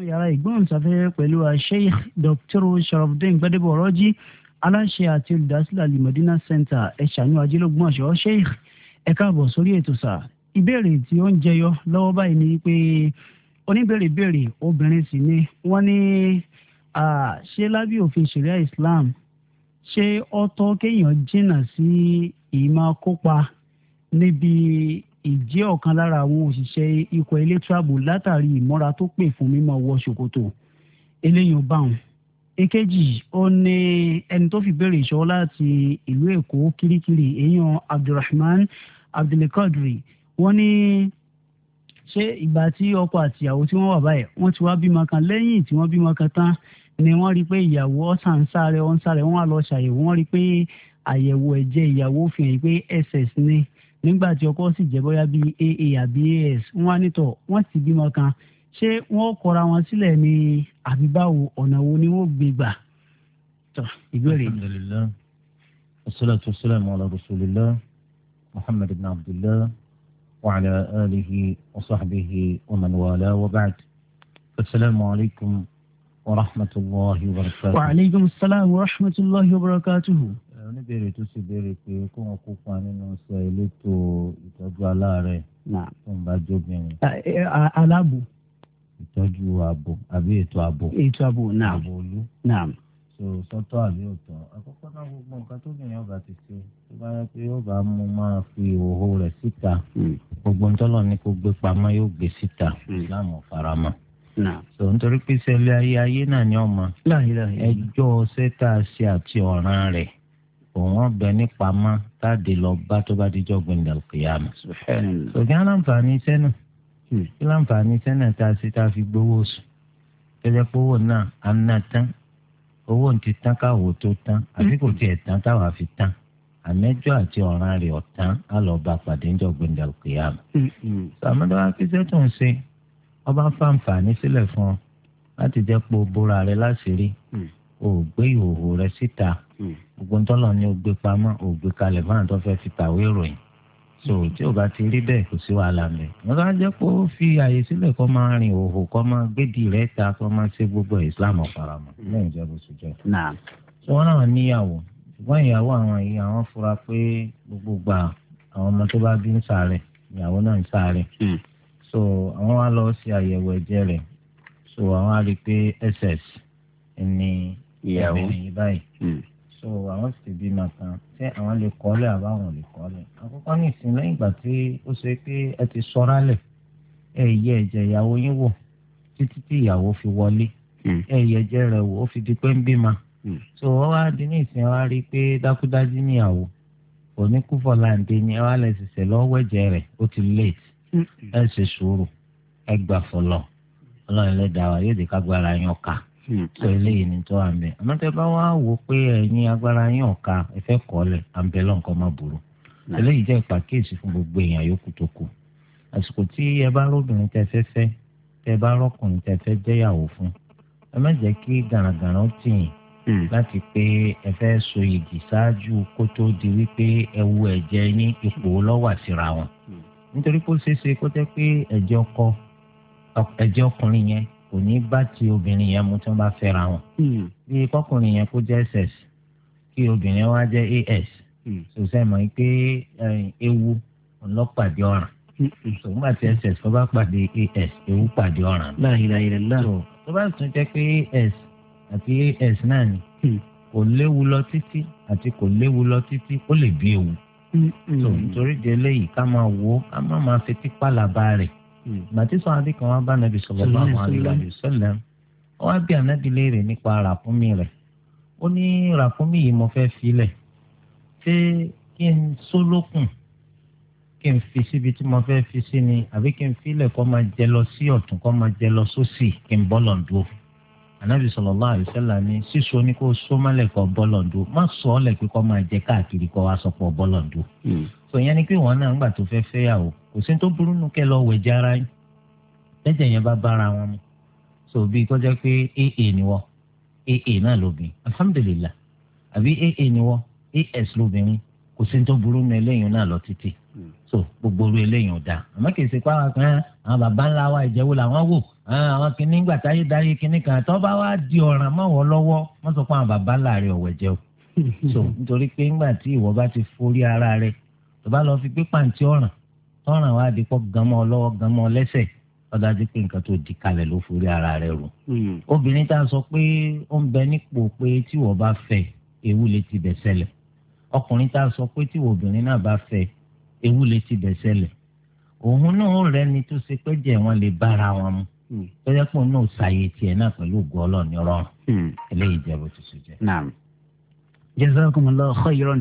yàrá ìgbóhùnsáfẹ́fẹ́ pẹ̀lú Sheikh Dr. sharafdin gbadebo ọ̀rọ́jì aláṣẹ àti olùdásílẹ̀ alimọ̀dínà center ẹ̀ṣánú ajílógbòmọ̀ṣọ́ Sheikh ẹ káàbọ̀ sórí ètò sà ìbéèrè tí ó ń jẹyọ lọ́wọ́ báyìí ni pé oníbèrè béèrè obìnrin sì ni wọ́n ní ṣé lábẹ́ òfin sharia Islam ṣé ó tọ́ kéèyàn jìnnà sí ìmọ̀ kópa níbi ìjẹ́ ọ̀kan lára àwọn òṣìṣẹ́ ikọ̀ elétíráàbù látàrí ìmọ́ra tó pè fún mímọ́ wọ ṣòkòtò eléyìí ò bá wọn. èkejì ó ní ẹni tó fi béèrè ìṣọwọ́ láti ìlú èkó kirikiri èèyàn abdulrahman abdulkadri wọ́n ní ṣé ìgbà tí ọkọ àti ìyàwó tí wọ́n wà báyìí wọ́n ti wá bímọ kan lẹ́yìn tí wọ́n bímọ kan tán ni wọ́n rí i pé ìyàwó ọ̀sán ń sáré ọ̀n sáré wọ́n á lọ ṣàyẹ̀wò wọ́n rí i pé àyẹ̀wò ẹ̀jẹ̀ ìyàwó fi hàn pé ss ni nígbà tí ọkọ sì jẹ́ bóyá bíi aa àbí as wọ́n á nítọ̀ wọ́n sì bímọ kan ṣé wọ́n kọra wọn sílẹ̀ ní àbí ọ̀nà wo ni wọ́n gbé gbà tọ̀ ìbéèrè. alhamdulilayi wasalaatu wasalaamu ala rasulillah muhammad ibn abdullah wa ala alihi wa sahbihi wa man wala wa ba'd asalaamu alaykum wa rahmatulahi wa barakatuhu. wa aleykum salaam wa rahmatulahi wa barakatuhu. oníbèrè tó ṣe béèrè pé kó wọn kópa nínú sọ elétò ìtọ́jú aláàárẹ̀ tó ń bá jóbìnrin. E, aláàbò. ìtọ́jú ààbò àbí ètò ààbò. ètò ààbò náà ààbò olú. náà so sọtọ àbí ọ̀tọ̀ àkọ́kọ́ náà gbogbo nǹkan tó fi ìhòòhò síta hmm. gbogbo ntọ́lọ̀ ní kó gbé pamọ́ yóò gbé síta hmm. faramọ́ so nítorí pé ayé ayé náà ni ọmọ ṣe àti òun bẹ nípa má táàdì lọ bá tó bá dijọ́ gbẹ̀ndẹ̀ kìyàmù. òkè aláǹfààní iṣẹ́ náà hmm. kí láǹfààní iṣẹ́ náà tá a ṣe tá a fi gbowó oṣù tẹ́lẹ̀ pé owó náà á ná tán owó ń ti tán káwó tó tán àbí kò tiẹ̀ tán táwa fi tán àmẹ́jọ àti ọ̀ràn rẹ̀ ọ̀tán á lọ bá pàdé ńjọ́ gbẹ̀ndẹ̀ kìyàmù. Hmm, hmm. sàmúdà wá kí iṣẹ́ tó ń ṣe ọba fàǹfààní sílẹ̀ fún ọ láti jẹ́ pé o bóra rẹ láṣìírí o ò gbé ìhòòhò rẹ síta hmm. gbogbo ń tọ́lọ̀ ní pamọ́ o kalẹ̀ fáwọn tó fẹ́ fi kàwé ìròyìn so hmm. tí o bá ti rí bẹ́ẹ̀ kò sí wàhálà mẹ́. wọ́n bá jẹ́ kó fi àyè sílẹ̀ kó máa rìn òhò kó máa gbédìí rẹ̀ ta kó máa ṣe gbogbo islam ọ̀faramọ́ lẹ́yìn ìjọba oṣù jọ. tí wọ́n náà níyàwó ṣùgbọ́n ìyàwó àwọn yìí àwọn fura pé gbogbo gbà àwọn ọmọ tó bá bí ń sàárẹ̀ ìyàwó náà ń sàárẹ̀. Hmm. so àwọn wá lọ ṣe àyẹ̀wò ẹ̀jẹ̀ rẹ̀ so àwọn á rí i pé ss ni ìyàwó obìnrin báyìí hmm. so àwọn sì ti bímọ kan ṣé àwọn lè kọ́lé àbáwọn lè kọ́lé àkọ́kọ́ ní ìsìn lẹ́yìn ìgbà tí ó ṣe pé ẹ ti sọ́ra lẹ̀ ẹ yẹ ẹ̀jẹ̀ ìyàwó yín wò títí tí ìyàwó fi wọlé hmm. ẹ yẹ ẹ̀jẹ̀ rẹ̀ wò ó fi di pé ń bímọ hmm. so wọ́n wá di ní ìsìn wá rí i pé dákúdájú níyàwó òní kúfọ̀ láǹdé ni ẹ wá lẹ̀ ṣẹ̀ṣẹ̀ lọ́wọ́ ẹ̀jẹ̀ rẹ̀ ó ti late ẹ ṣe sùúrù ẹ gbà fọlọ́ ọlọ́run ló dá wa yóò dé ká gbára yan ká tó hmm. eléyìí ni tó à ń bẹ àmọ́ tẹ́ bá wá wò pé ẹ̀yin agbára yín ọ̀ka ẹ fẹ́ kọ́lẹ̀ à ń bẹ lọ́nkọ́ má burú eléyìí jẹ́ ìpàkíyèsí fún gbogbo èèyàn yòókù tó kù àsìkò tí ẹ bá lóbìnrin tẹ́ fẹ́ fẹ́ tẹ́ bá rọ́kùnrin tẹ́ fẹ́ jẹ́yàwó fún ẹ má jẹ́ kí gàràgàrà ó hmm. láti pé ẹ fẹ́ so igi ṣáájú kó tó di wípé ẹ wu ẹ̀jẹ̀ ní ipò lọ́wọ́ síra wọn. Hmm. nítorí kó ṣeé ṣe kó jẹ́ pé ẹ̀jẹ̀ ọkọ ẹ̀jẹ̀ ọkùnrin yẹn kò ní bá ti obìnrin yẹn mu tí wọ́n bá fẹ́ra wọn. Hmm. bí kọkùnrin yẹn kó jẹ́ ss kí obìnrin wa jẹ́ as hmm. sòsẹ́ mọ̀ pé ewu ọlọ́pàdé ọ̀ràn hmm. sòmùgbà tí ss kọ́ bá pàdé as ewu pàdé ọ̀ràn. tó bá tún jẹ́ pé as àti as náà ni kò léwu lọ títí àti kò léwu lọ títí ó lè bí ewu. nítorí di eléyìí ká máa wo ká má máa fetí pàlàbà rẹ̀ gbàtí sọ́hábì kan wá bá nàbì sallallahu alaihi wasallam ó wá bí ànábì léèrè nípa ràkúnmí rẹ̀ ó ní ràkúnmí yìí mo fẹ́ filẹ̀ ṣé kí n sólókùn kí n fi síbi tí mo fẹ́ fi sí ni àbí kí n filẹ̀ kó máa jẹ lọ sí ọ̀tún kó máa jẹ lọ sósì kí n bọ́ lọ́ndúró anabi sallallahu alaihi wasallam ní sísọ ní kó so mọ́lẹ̀ kọ bọlọǹdù má sọ ọ lẹ pé kọ máa jẹ káàkiri kọ wá sọpọ bọlọǹdù. sọ hmm. yẹn ni pé wọn náà ń gbà tó fẹ́ fẹ́yàwó kò sí tó burú nù kẹ́ lọ wẹ̀ jára yín lẹ́jẹ̀ yẹn bá bára wọn mu. sọ bí kọjá pé aa ni wọ aa náà lóbìn alhamdulillah àbí aa ni wọ as lóbìnrin kò sí tó burú nù ẹlẹ́yìn náà lọ títì so gbogbo orí eléyìí ò da àmọ́ kì í ṣe pàrọ̀ kan àwọn baba ńlá wa ìjẹ́wò làwọn wò àwọn kìíní ìgbà táyé dáyé kìíní kan tó bá wá di ọ̀ràn mọ́wọ́ lọ́wọ́ wọ́n sọ pé àwọn baba ńlá rẹ̀ ọ̀wẹ̀ jẹ́ o so nítorí pé ńgbà tí ìwọ bá ti forí ara rẹ̀ tó bá lọ fi pé pàǹtí ọ̀ràn tọ́ràn wá di kọ́ ganmọ́ lọ́wọ́ ganmọ́ lẹ́sẹ̀ ọdájú pé nǹkan tó di kalẹ̀ ló forí ara rẹ̀ rò hmm. obìnrin tá a sọ pé ó ń bẹ nípò pé tí ìwọ bá fẹ́ ewu lè ti bẹ̀ ṣẹlẹ̀ ọkùnrin tá a sọ pé tí obìnrin náà bá fẹ́ ewu lè ti bẹ̀ ṣẹlẹ̀ òun náà rẹ ni tó ṣe pé jẹ wọn lè bára wọn mu hmm. tọ́jà pọ̀ náà ṣàyè tiẹ̀ náà pẹ̀lú ògùn ọlọ́ọ̀ni rọrùn eléyìí jẹ́ bó ti ṣe jẹ́. naam jazakumullahu khairan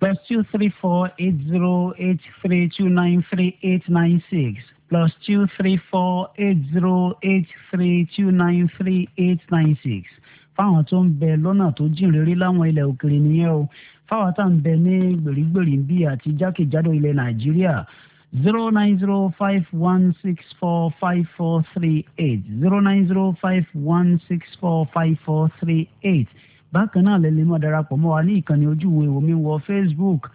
plus two three four eight zero eight three two nine three eight nine six plus two three four eight zero eight three two nine three eight nine six fáwọn tó ń bẹ lọ́nà tó jìn láwọn ilẹ̀ òkèèrè nìyẹn o fáwọn tá à ń bẹ ní gbèrígbèrí bí àti jákèjádò ilẹ̀ nàìjíríà zero nine zero five one six four five four three eight zero nine zero five one six four five four three eight bákan náà lè lè mọ darapọ̀ mọ́ wa ní ìkànnì ojú ìwé omi wọ facebook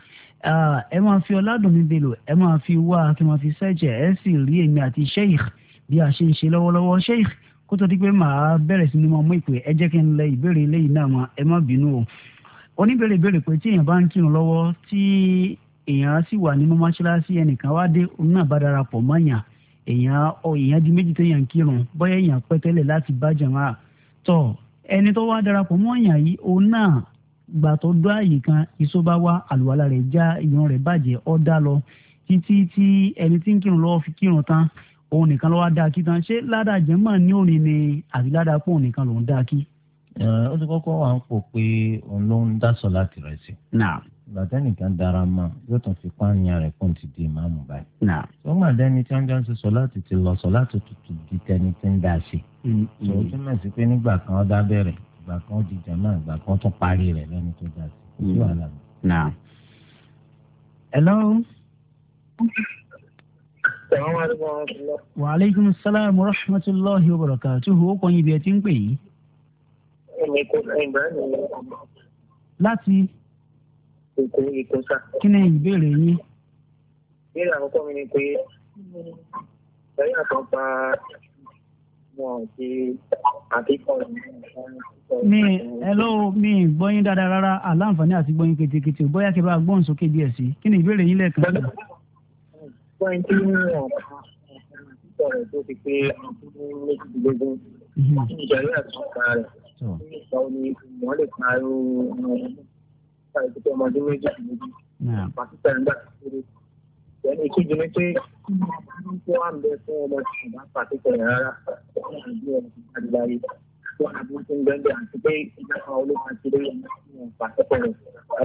ẹ máa fi ọládùnmí belò ẹ máa fi wá kí wọ́n fi ṣẹ́jẹ̀ ẹ sì rí èmi àti sheikh bí a ṣe ń ṣe lọ́wọ́lọ́wọ́ sheikh kó tó di pé màá bẹ̀rẹ̀ sí ni mo mú ìpè ẹ jẹ́ kí n lẹ ìbéèrè eléyìí náà mọ́ ẹ má bínú o oníbèrè béèrè pé tí èèyàn bá ń kírun lọ́wọ́ tí èèyàn sì wà nínú mọ́ṣáláṣí ẹnìkan wá dé òun náà bá darapọ̀ mọ́yàn èèyàn ọ èèyàn di méjì téèyàn kírun bóyá èèyàn pẹ́ tẹ́lẹ̀ láti bá jàmá tó ẹni tó wá darapọ̀ mọ́yàn yìí òun náà gbà tó dó àyè kan iṣó bá wá àlùwalá rẹ̀ já ìran rẹ̀ bàjẹ́ ọ́ dá lọ títí tí ẹni tí ń kírun lọ́wọ́ fi kírun tán òun nìkan ló dá kí tán ṣé ládàjẹ́ mọ̀ ní òní ni àbí ládàá pọ̀ nìkan lòún dá kí. Eh, ó ti kọ́kọ́ wà ń pò pé òun ló ń dá sọ̀lá tirẹ̀ sí. gbàtẹ́nìkan dára mọ́ yóò tún fi ti di ìmáàmù báyìí. tó máa dẹ́ni tí wọ́n jọ ń ṣe sọ̀lá ti ti lọ sọ̀lá tó di tẹni tí ń dá sí. tó mm, o mm. túmọ̀ sí pé nígbà kan ó dá ìgbà kan ó di jàmáà ìgbà kan tún parí rẹ̀ lẹ́ni tó dá láti. èkó èkó sá. kí ni ìbéèrè yín. ìbéèrè àkọ́kọ́ mi ni pé lẹ́yìn àkàn pa wọn àti àkíkọ́ mi ẹ lọ́wọ́ mi gbọ́yìn dáadáa rárá aláǹfààní àti gbọ́yìn ketekete bóyá kí n bá gbọ́n sókè díẹ̀ sí kí ni ìbéèrè yín lẹ́ẹ̀kan sí. gbọ́yìn Hmm. nípa omi wọn lè pa ẹrú nípa ìdíje ọmọdé méjì méjì pàṣípàá nígbà tó kéré ẹni ìkejì ni pé kí wọn bẹ fún ọmọ tí wọn bá pàṣípàá yẹn rárá wọn kò gbé ọmọ tó jáde láyé wọn àbúrò tó ń gbẹgbẹ àti pé ìgbà kan olóògbé ti rí ọmọ pàṣípàá rẹ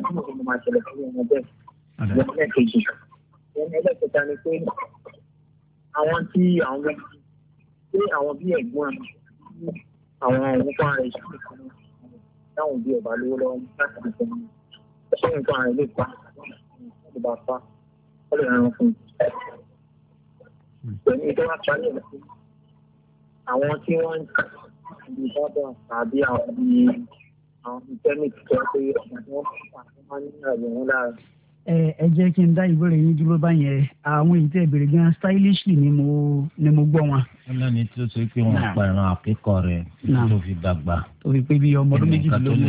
àbúrò tó máa ṣẹlẹ̀ fún ọmọ bẹ́ẹ̀ ìyẹn ẹlẹ́kejì ìyẹn ẹlẹ́kẹta ni pé àwọn tí àwọn bẹ pé àwọn bí ẹ̀gbọ́n àwọn nǹkan rẹ̀ ṣe kàn táwọn òbí ọba lówó lọ́wọ́ láti fi fún un ṣé nǹkan rẹ̀ lè pa ló bá pa ó lè rán fún un. pẹ̀lú ìjọba parí ẹ̀ sí àwọn tí wọ́n ń kà ní bábà tàbí àwọn ìjẹ́mìtì tó pé ọ̀gá tí wọ́n fà fún wọn ní àgbẹ̀wọ̀n lára ẹ jẹ́ kí n dá ìbéèrè yín dúró báyẹn àwọn èyí tẹ́ ìbéèrè gan stylishly ni mo ni mo gbọ́ wọn. ọlọ́run ní tí ó ṣe pé wọ́n pa ẹran àkíkọ̀ rẹ̀ tó fi dàgbà. tó fi pé bí ọmọ ọdún méjìlélógún.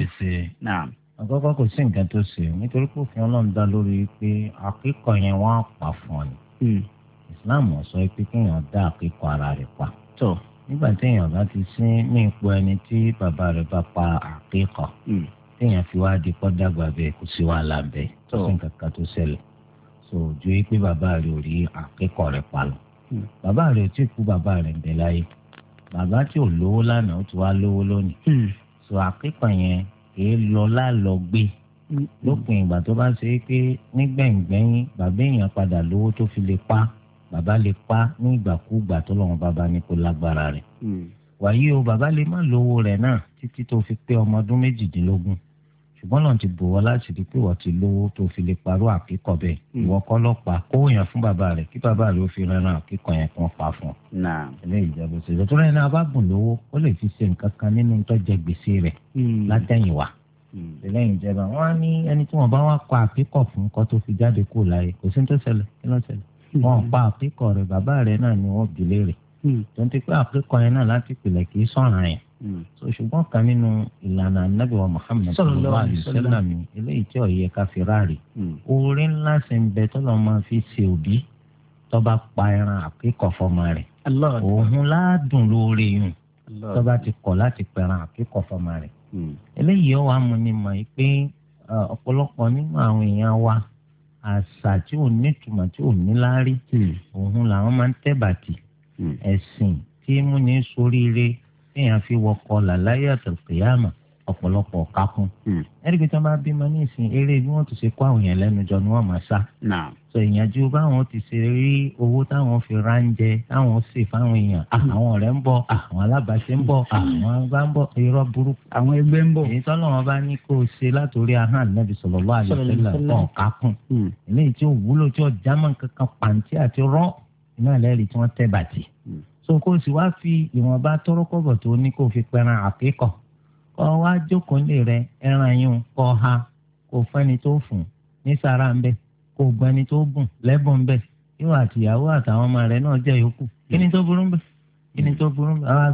àkọ́kọ́ kò sí nǹkan tó ṣe nítorí pé òfin ọlọ́run dá lórí pé àkíkọ̀ yẹn wọ́n á pa fún ni. Hmm. Islam sọ pé kéèyàn dá àkíkọ̀ ara rẹ̀ pa. nígbà téèyàn bá ti sí ní ipò ẹni tí bàbá rẹ̀ bá pa àkíkọ̀. Hmm téèyàn fi wá di kọ́ dàgbà bẹ́ẹ̀ kò sí wàhálà bẹ́ẹ̀ tó sì ń kankan tó ṣẹlẹ̀ so ju yìí pé bàbá rẹ̀ ò rí akẹ́kọ̀ọ́ rẹ̀ pa lọ hmm. bàbá rẹ̀ ò tí kú bàbá rẹ̀ ń bẹ láyé bàbá tí ò lówó lánàá ó ti wá lówó lónìí hmm. so akẹ́kọ̀ọ́ yẹn kìí lọ lálọ gbé hmm. lópin ìgbà tó bá ṣe é pé nígbẹ̀ngbẹ̀yìn bàbá èèyàn padà lówó tó fi lè pa bàbá lè pa ní ìgbàkúùgbà tó lọ́wọ́ bàbá ní kó lágbára rẹ̀ wàyí o bàbá lè má lówó rẹ̀ náà títí tó fi pé ọmọ ọdún méjìdínlógún ṣùgbọ́n náà ti bò wọ́n láti di pé wọ́n ti lówó tó fi lè parọ́ àkíkọ̀ bẹ́ẹ̀ hmm. ìwọ kọ́ lọ pa kówó yẹn fún bàbá rẹ̀ kí bàbá rẹ̀ ó fi rẹran àkíkọ̀ yẹn kí wọ́n pa fún un. ilé ìjọba òṣèlú tó rẹ̀ náà bá gùn lówó ó lè fi ṣe nǹkan kan nínú tó gbèsè rẹ̀ hmm. látẹ̀yìnwá hmm. lẹ́yìn ìjẹba wọn á ní ẹni tí wọn bá wá pa àpíkọ fún kó tó fi jáde kú láyé kò sí tó ṣẹlẹ̀ ni wọn bìlẹ rẹ tó ń ti pé àpíkọ yẹn náà Hmm. so ṣùgbọ́n kan nínú ìlànà anábì wa Muhammad sallallahu alaihi wasallam eléyìí tí ó yẹ ká fi ráàrí hmm. oore ńlá sì ń bẹ tó lọ́ọ́ máa fi ṣe òbí tó bá pa ẹran àkíkọ̀ fọmọ rẹ̀ òun ládùn lóore yùn tó ti kọ̀ láti pẹran àkíkọ̀ fọmọ rẹ̀ hmm. eléyìí wàá mú ni mọ̀ pé ọ̀pọ̀lọpọ̀ nínú àwọn èèyàn wa àṣà tí ò nítumọ̀ tí ò níláárí òun làwọn máa ń tẹ́ ẹ̀sìn tí múni ṣoríire fihàn fi wọkọ làláyé àtàlùkìyàmà ọ̀pọ̀lọpọ̀ kákún. Hmm. ẹ̀ríkì tó máa bímọ ní ìsìn eré bí wọ́n ti ṣe kó àwọn èèyàn lẹ́nu jọ ni wọ́n máa sá. sọ ìyànjú báwọn ti ṣe rí owó táwọn fi ránjẹ táwọn sì fáwọn èèyàn ah. àwọn ọ̀rẹ́ ń bọ̀ ah. àwọn alábàáṣe ń bọ̀ ah. àwọn agbá ń bọ̀ irọ́ burúkú. àwọn ẹgbẹ́ ń bọ̀. èyí bá ní so wa fi ìwọ̀nba tọ́rọ́kọ̀bọ̀ tó ní kó fi pẹran àkíkọ̀ kọ́ wá jókòó lè rẹ ẹran yín kọ́ ha kó fẹ́ni tó fún ní sàrà ń bẹ̀ kó gbẹni tó bùn lẹ́bùn ń àtìyàwó àtàwọn ọmọ rẹ náà jẹ́ yòókù kí ni tó burú ń kí ni tó burú ń wa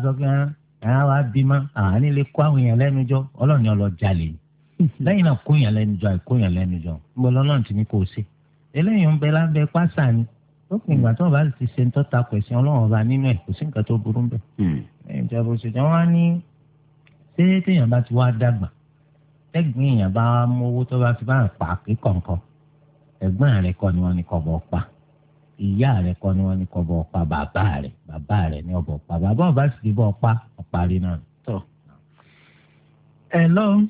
ah, bímọ àní lè kó àwọn èèyàn lẹ́nu jọ ọlọ́ọ̀ni lẹ́yìn náà kó èèyàn lẹ́nu jọ àìkó lópin ìgbà tí wọn bá ti ṣe ń tọ́ta pẹ̀sìn ọlọ́run ọba nínú ẹ̀ kò sí nǹkan tó burú bẹ́ẹ̀. Hmm. ìjọba òṣèjọ wa ní ṣé téèyàn bá ti wá dàgbà tẹ́gbìn èèyàn bá mú owó tó bá fi bá pa kí ẹ̀gbọ́n rẹ̀ kọ́ ni wọ́n ní kọ̀bọ̀ pa ìyá rẹ̀ kọ́ ni wọ́n ní kọ̀bọ̀ pa bàbá rẹ̀ bàbá rẹ̀ ní ọ̀bọ̀ pa bàbá ọba sì ti bọ̀ pa ọ̀parí náà. ẹ̀ lọ́run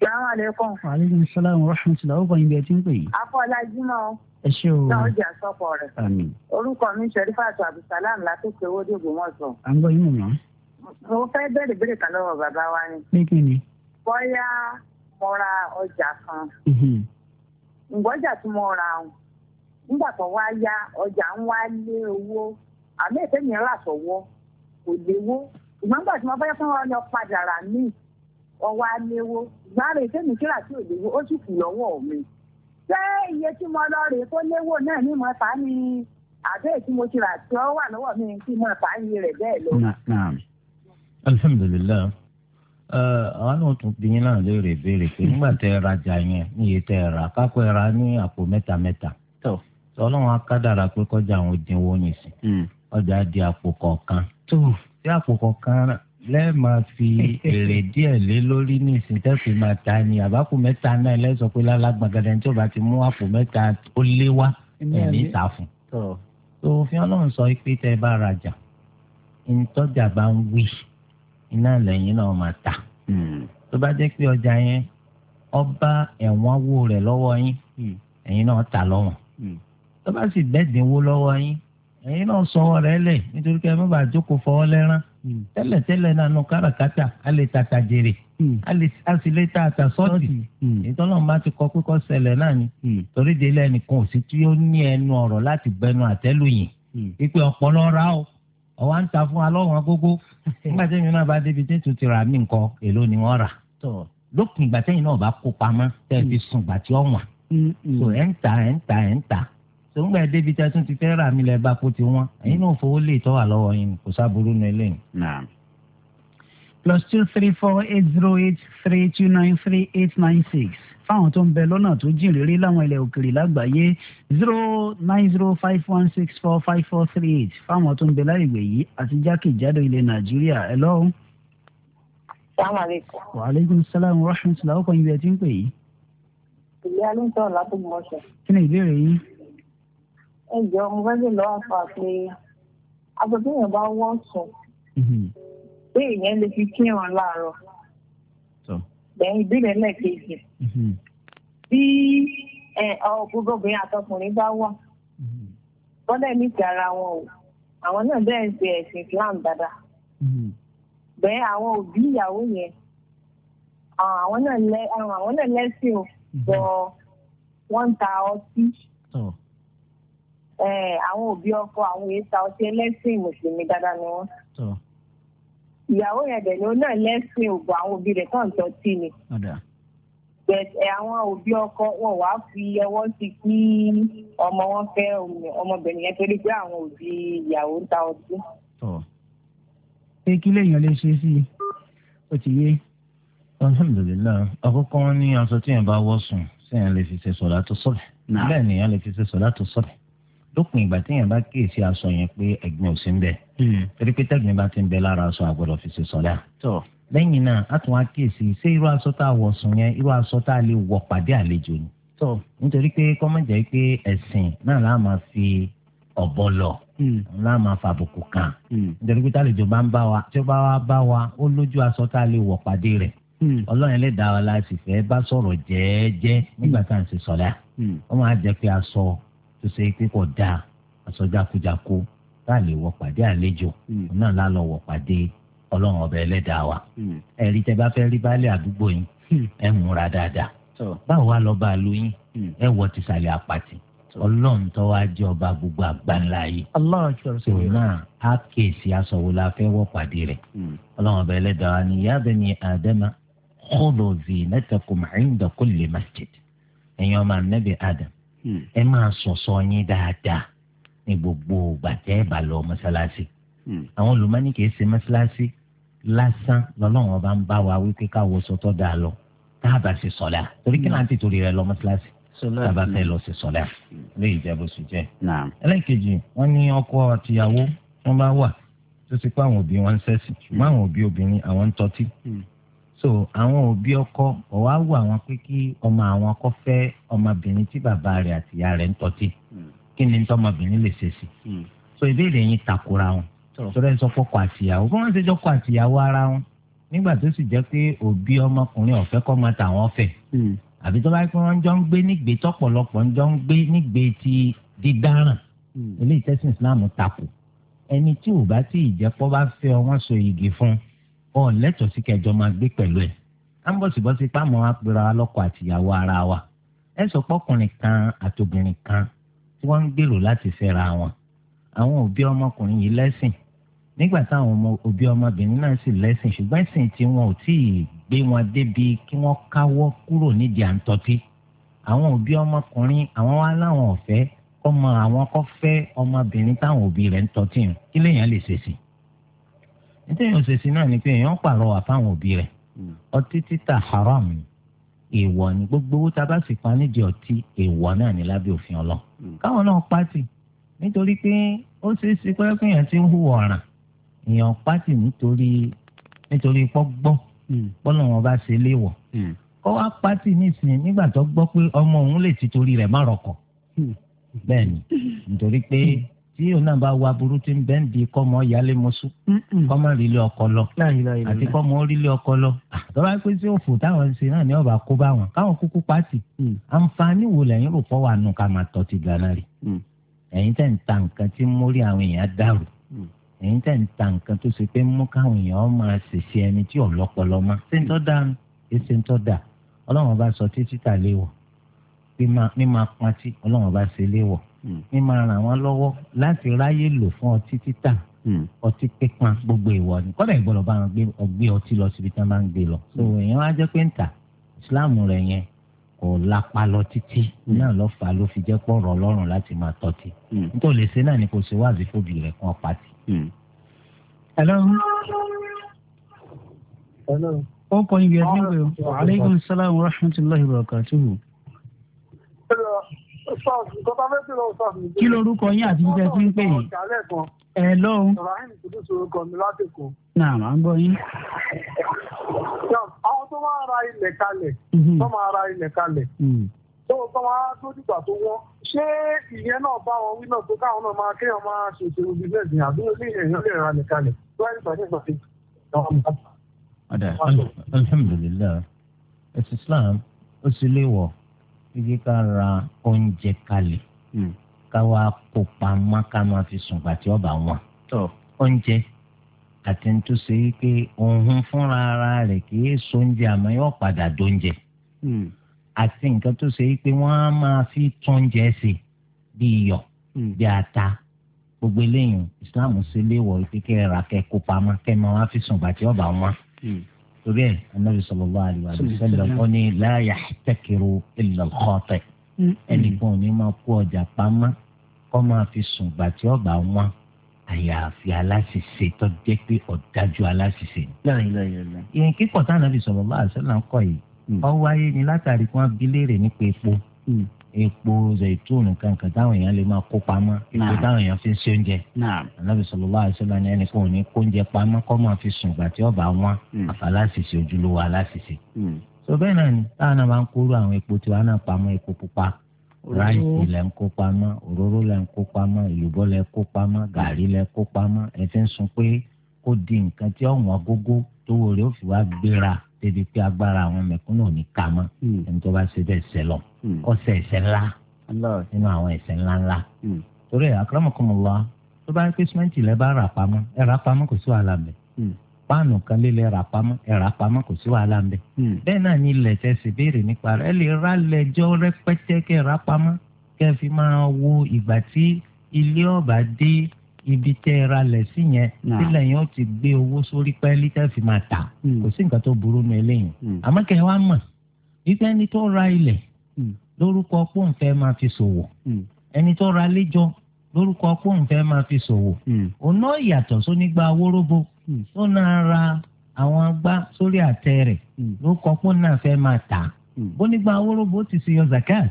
salaamaleykum. aleykum salaam wa rahmatulah ọkọ yín bí ẹ ti ń pè yìí. afọlájúmọ. ẹ ṣé o. náà ó jẹ àsọpọ rẹ. àmín. orúkọ mi sẹrífàtù abdulsalam látòkè owó dìbò wọn sọ. à ń gbọ́ yín mọ̀. mo fẹ́ bẹ̀rẹ̀ bẹ̀rẹ̀ kan lọ́wọ́ bàbá wa ni. pé kí ni. bóyá mo ra ọjà kan. Mhm. ǹgbọ́jà tí mo ra o nígbà tó wá yá ọjà ń wá lé owó àmì ìfẹ́ mi rà sọ̀wọ́ kò léwó ìgbàgbà ọwọ́ aléwó gbàrè sẹ́mi kíra tí ò léwó ó sì kù lọ́wọ́ mi. ṣé iye tí mo lọ rè léwó náà ní mo fà á ní tí mo lọ. alhamdulilayi àwọn náà tún bí yín náà léèrè béèrè pé nígbà tẹ ẹ rajà yẹn ní tẹ ẹ rà kápẹ́ ẹ rà ní àpò mẹ́ta ọlọ́run akádàrà pé lẹ́ẹ̀ma fi èrè díẹ̀ lé lórí ní ìsìntẹ́fì máa ta ni àbákù mẹ́ta náà lẹ́sọ̀ pé lálágbàgàdà tí o bá ti mú àpò mẹ́ta ó lé wá ẹ̀mí ìta fún. tó òfin ọlọ́run sọ pé tẹ́ ẹ bá rajà ìtọ́jà bá ń wí iná lẹ́yìn náà máa tà. Hmm. tó bá jẹ́ pé ọjà yẹn ọba ẹ̀wọ̀n wo rẹ̀ lọ́wọ́ yín hmm. ẹ̀yin náà tà lọ́wọ́n. Hmm. tó bá sì bẹ́ẹ̀ dínwó lọ́wọ́ yín ẹ̀yin náà sọ Mm. tẹ́lẹ̀tẹ́lẹ̀ nanu káràkátà a lè tata jèrè mm. a sì lè tata sọ́ọ̀tì mm. ìtọ́lọ́run ti kọ pípọ́ ṣẹlẹ̀ náà ni torí délé ẹnìkan ò sí tí ó ní ẹnu ọ̀rọ̀ láti gbẹnu àtẹ́lù ipe o ń fún alọ́wọ́n nígbà tí náà bá débi tí ti mí nǹkan náà bá kó pamọ́ tẹ́ẹ̀ fi sùn so ẹ̀ ń ta sọ̀ngbà débi tí a tún ti fẹ́ rà mí lẹ̀ bá kó ti wọ́n ẹ̀yin náà fowó lè tọ́ wà lọ́wọ́ yín kò sábúrú nu eléyìí. plus two three four eight zero eight three two nine three eight nine six fáwọn tó ń bẹ lọ́nà tó jìn réré láwọn ilẹ̀ òkèrè lágbàáyé zero nine zero five one six four five four three eight fáwọn tó ń bẹ láìgbè yìí àti jákèjádò ilẹ̀ nàìjíríà ẹ lọ́wọ́. salaamaleykum. wa aleykum salaam wa rahmatulah ọkọ ìgbẹ́ tí ń pè yìí. ìyá ló ń sọ̀rọ̀ látọ̀gbọ̀nsẹ̀. kí ni ìbéèrè yín. Ejọ jọ mo fẹ́ lè lọ́wọ́ àpá pé aṣọ tí èèyàn bá wọ̀ sùn mm-hmm. pé fi kírun láàárọ̀ lẹ́yìn ìbílẹ̀ lẹ́ẹ̀kejì mm-hmm. bí gbogbo obìnrin àtọkùnrin bá wà mm-hmm. ara wọn àwọn ẹ̀sìn Islam àwọn òbí ìyàwó yẹn àwọn wọ́n ń ta ọtí Eh, àwọn òbí ọkọ àwọn èèta ọtí ẹlẹ́sìn mùsùlùmí dáadáa ni wọ́n. ìyàwó yẹn dẹ̀ ni ó náà lẹ́sìn ògbó àwọn òbí rẹ̀ kàn jọ tí ni. bẹ̀ẹ̀ àwọn òbí ọkọ wọn wàá fi ẹwọ́ sí kí ọmọ wọn fẹ́ ọmọbìnrin yẹn torí pé àwọn òbí ìyàwó ń ta ọtí. pé kí lèèyàn lè ṣe sí i ó ti yé. alhamdulilayi àkọ́kọ́ ni aṣọ tí yẹn bá wọ̀ sùn sí yẹn lè fi ṣe sọ̀lá tó sọ̀rọ̀ bẹ́ẹ̀ ni yẹn lè fi ṣe sọ̀lá tó sọ̀rọ̀ lópin ìgbà téèyàn bá kíyèsí aṣọ yẹn pé ẹ̀gbin ò sí ń bẹ hmm. torí pé tẹ̀gbin bá ti ń bẹ lára aṣọ àgbọ́dọ̀ fi ṣe sọlá lẹ́yìn náà a tún wá kíyèsí ṣé irú aṣọ tá a wọ̀ sùn yẹn irú aṣọ tá a lè wọ̀ pàdé àlejò ni nítorí pé kọ́mọ̀jẹ́ pé ẹ̀sìn náà láà máa fi ọ̀bọ lọ ńlá hmm. máa fàbùkù kan hmm. nítorí pé tálejò bá ń bá wa tí ó bá wá bá wa ó lójú aṣọ tá a lè wọ̀ pàdé rẹ̀ ọlọ́run ẹlẹ́dàá wa láti fẹ́ bá sọ̀rọ̀ jẹ́ẹ́jẹ́ nígbà tá à ń ṣe sọ̀dá tó ṣe pé kò dáa aṣọ jákujàku tá a lè wọ pàdé àlejò hmm. náà lá lọ wọ pàdé ọlọ́run ọba ẹlẹ́dàá wa hmm. ẹ̀rí tẹ bá fẹ́ rí baálé àdúgbò yín hmm. ẹ múra dáadáa báwo wá lọ bá a lo yín ẹ wọ tìsàlẹ̀ àpàtì ọlọ́run tó wá jẹ́ ọba gbogbo àgbáńlá yìí. sòwò náà á kèsì aṣọwó la fẹ́ wọ́ pàdé rẹ̀. ọlọ́run ọba ẹlẹ́dàá wa ni ya bani Adama khudhu zinatakum inda kulli masjid. ẹ̀yin ọmọ anabi Adam Hmm. ẹ máa sọ̀sọ̀ yín dáadáa ní gbogbo ìgbà tẹ́ ẹ bá lọ mọ́ṣáláṣí. Hmm. àwọn olùmọ́ni kì í ṣe mọ́ṣáláṣí lásán lọ́lọ́run ọba ń bá wa wípé káwọ sọtọ́ dáa lọ tá a bá ṣe sọ̀lá torí kí náà hmm. ti torí rẹ lọ mọ́ṣáláṣí tá a bá fẹ́ lọ ṣe sọ̀lá lóye ìjẹ́bù sí jẹ́. ẹlẹ́kejì wọ́n ní ọkọ àtìyàwó wọ́n bá wà tó ti pé àwọn òbí wọn ń ṣẹ̀sìn ṣùgbọ́n àwọn òbí obìnrin àwọn ń tọ́tí so àwọn òbí ọkọ ọ̀wá wù àwọn pé kí ọmọ àwọn kọ́ fẹ́ ọmọbìnrin tí bàbá rẹ̀ àti ìyá rẹ̀ ń tọ́tí hmm. kí ni tọmọbìnrin lè ṣe sí hmm. so ìbéèrè yín takora wọn sọ̀rọ̀ ẹ̀ sọ fọkọ àtìyàwó bí wọ́n ṣe jọ kọ àtìyàwó ara wọn nígbà tó sì jẹ́ pé òbí ọmọkùnrin ọ̀fẹ́ kọ́ máa tàwọn fẹ̀ hmm. àbí tó bá pé wọ́n jọ ń gbé nígbè tọ́pọ̀lọpọ̀ ń jọ ń gbé nígbè ti dídáràn eléyìí tẹ́sán Islam takò ẹni tí ò bá tí ìjẹ́pọ̀ bá fẹ́ ọ so igi fún un ọ lẹ́tọ̀ọ́ sí kẹjọ máa gbé pẹ̀lú ẹ̀ á ń bọ̀sibọ́sí pàmò apẹ̀rẹ̀ alọ́kọ̀ àtìyàwó ara wa ẹ sọ pọ́kùnrin kan àtòbìnrin kan tí wọ́n ń gbèrò láti fẹ́ra wọn àwọn òbí ọmọkùnrin yìí lẹ́sìn nígbà táwọn ọmọ òbí ọmọbìnrin náà sì lẹ́sìn ṣùgbọ́n ẹ̀sìn tí wọn ò tí ì gbé wọn débi kí wọ́n káwọ́ kúrò nídìí à àwọn òbí ọmọkùnrin àwọn wá láwọn ọ̀fẹ́ ọmọ àwọn kọ́ ọmọbìnrin táwọn òbí rẹ̀ ń tọ́tí kí lèèyàn lè ṣèṣì nítorí èèyàn ṣèṣin náà ni pé èèyàn pàrọwà fáwọn òbí rẹ̀ hmm. ọtí títà haram ni ni gbogbo owó tá a bá sì pa nídìí ọtí èèwọ̀ náà ni lábẹ́ òfin ọlọ́ hmm. káwọn náà pàtì nítorí pé ó ṣeé ṣe pé kéèyàn ti ń hùwà ọ̀ràn èèyàn pàtì nítorí nítorí pọ́gbọ́ hmm. bọ́lá wọn bá ṣe léèwọ̀ kọ́ wá pàtì nísìnyí nígbà tó gbọ́ pé ọmọ òun lè ti torí rẹ̀ má rọkọ̀ bẹ́ẹ̀ ni nítorí pé tí yóò náà bá wa burú tí ń bẹ́ẹ̀ ń di kọ́mọ ìyálé mọ́sú kọ́mọ rílé ọkọ lọ àti kọ́mọ orílé ọkọ lọ. lọ́wọ́ pé tí òfò táwọn ń ṣe náà ni ọba kó bá wọn káwọn kúkú pàtì mm. àǹfààní wo lẹ́yìn rò pọ̀ wà nù ká máa tọ́ ti gbaná rí mm. ẹ̀yin tẹ̀ ń ta nǹkan tí mórí àwọn èèyàn dàrú mm. ẹ̀yin tẹ̀ ń ta nǹkan tó ṣe pé mú káwọn èèyàn máa ṣèṣe ẹni tí ọ̀lọ́pọlọ mọ́ ṣé ń tọ́ da ṣé ń tọ́ da ọlọ́run ọba sọ títí tà léwọ̀ mímá Hmm. ní máa ràn wọ́n lọ́wọ́ láti ráyè lò fún ọtí títà hmm. ọtí pípa gbogbo ìwọ ni kọ́dà ìgbọ́dọ̀ bá wọn gbé ọtí lọ síbi tí wọ́n máa ń gbé lọ. Hmm. so èèyàn á jẹ́ pé ń tà islam rẹ̀ yẹn kò lápá lọ títí náà lọ fà á ló fi jẹ́ pọ̀ rọ̀ lọ́rùn láti máa tọ́tí. nítorí lè ṣe náà ni kò sí wáàzí fóbi rẹ̀ kan pàtì. hello. hello. ó kọ́ ibi ẹ̀sìn pé kí lorúkọ yín àti iṣẹ́ tí ń pè yín. ẹ lọ́hùn. ibrahim kùdù sọ̀rọ̀ kan mi lásìkò. náà máa ń gbọ́ yín. àwọn tó máa ra ilẹ̀ kalẹ̀ mhm. tó máa ra ilẹ̀ kalẹ̀ mm. tó tó máa tó dìgbà tó wọ́n ṣé ìyẹn náà bá wọn wí náà tó káwọn náà máa kéèyàn máa ṣèṣe ibi bẹ́ẹ̀ ni àbí ilé ìyẹn lè ra ilẹ̀ kalẹ̀ tó wáyé ìgbà nígbà tí wọ́n mú un. alhamdulilayi ẹ̀sìn islam ó sì léwọ̀ ibi ká ra oúnjẹ kalẹ̀ hmm. ká wá kó pamọ́ ká máa fi sùn gbà tí ọba wọn. oúnjẹ àti tó ṣe é pé òun fúnra ara rẹ̀ kì í sóúnjẹ àmọ́ yóò padà dóúnjẹ. Hmm. àti nǹkan tó ṣe é pé wọ́n á máa fi tóúnjẹ ṣe bí iyọ̀ hmm. bí ata gbogbo eléyìí Islam ṣe léwọ̀ pé ra kẹ́ kó pamọ́ kẹ́ máa wá fi sùn gbà ọba wọn torí ẹ̀ anabi sallallahu alaihi wasallam ó ní la yahtakiru illa al-khati' ẹnìkan ò ní máa kó ọjà pamọ́ kó máa fi sùn gbà tí ọgbà wọn àyàfi aláṣìṣe tó jẹ́ pé ọ̀dájú aláṣìṣe ni. ìyẹn kíkọ̀ tá anabi sallallahu alaihi wasallam yìí ọwọ́ mm. ayé ni látàrí kí wọ́n bi léèrè nípa epo mm epo zaitun nǹkan kan táwọn èèyàn lè máa kó pamọ́ epo táwọn èèyàn fi ń ṣe oúnjẹ anabi sallallahu alaihi wasallam ní ẹnìkan ò ní kó oúnjẹ pamọ́ kó máa fi sùn gbàtí ọba wọn hmm. àfàlásìsì ojúlówó aláṣìṣe. tó hmm. bẹ́ẹ̀ náà ni táwọn náà máa ń kóró àwọn epo tí wọ́n á náà pamọ́ epo pupa ráìsì lẹ ń kó pamọ́ òróró lẹ ń kó pamọ́ ìlúbọ lẹ kó pamọ́ gàrí lẹ kó pamọ́ ẹ ti ń sun pé kó di nǹkan tí ọ̀wọ́n gógó tó wọlé ó fi wá gbéra débi pé agbára àwọn mẹ̀kúnnù ò ní ká mọ́ hmm. ẹni tó bá ṣe bẹ́ẹ̀ ṣẹ lọ ọ̀sẹ̀ hmm. ẹ̀ṣẹ̀ ńlá nínú àwọn ẹ̀ṣẹ̀ ńlá ńlá hmm. torí akramakumullah tó bá ń pè símẹ́ǹtì lẹ́ bá rà pamọ́ ẹ rà pamọ́ kò sí wàhálà ńbẹ̀ páànù kan lé lẹ rà pamọ́ ẹ rà pamọ́ kò sí wàhálà ńbẹ̀ bẹ́ẹ̀ náà ni ilẹ̀ tẹ́ sì béèrè nípa rẹ̀ ẹ lè rà lẹ́jọ́ rẹpẹtẹ kẹ́ rà pamọ́ kẹ́ fi máa wo ìgbà tí ilé ọ̀bà dé ibi tẹ́ ẹ ra lẹ̀ sí yẹn sílẹ̀ yẹn ó ti gbé owó sórí pẹ́ẹ́lí tẹ́ fi máa tà hmm. kò sí nǹkan tó burú nu eléyìí hmm. àmọ́ kẹ́ ẹ wá mọ̀ wípé ẹni tó ra ilẹ̀ hmm. lórúkọ pòǹfẹ́ máa fi ṣòwò ẹni tó ra léjọ lórúkọ pòǹfẹ́ máa fi ṣòwò ọ̀nà ìyàtọ̀ sónígbà wóróbo tó náà ra àwọn agbá sórí àtẹ rẹ̀ lórúkọ pòǹfẹ́ máa tà bónígbà wóróbo ti ṣe yọ zakat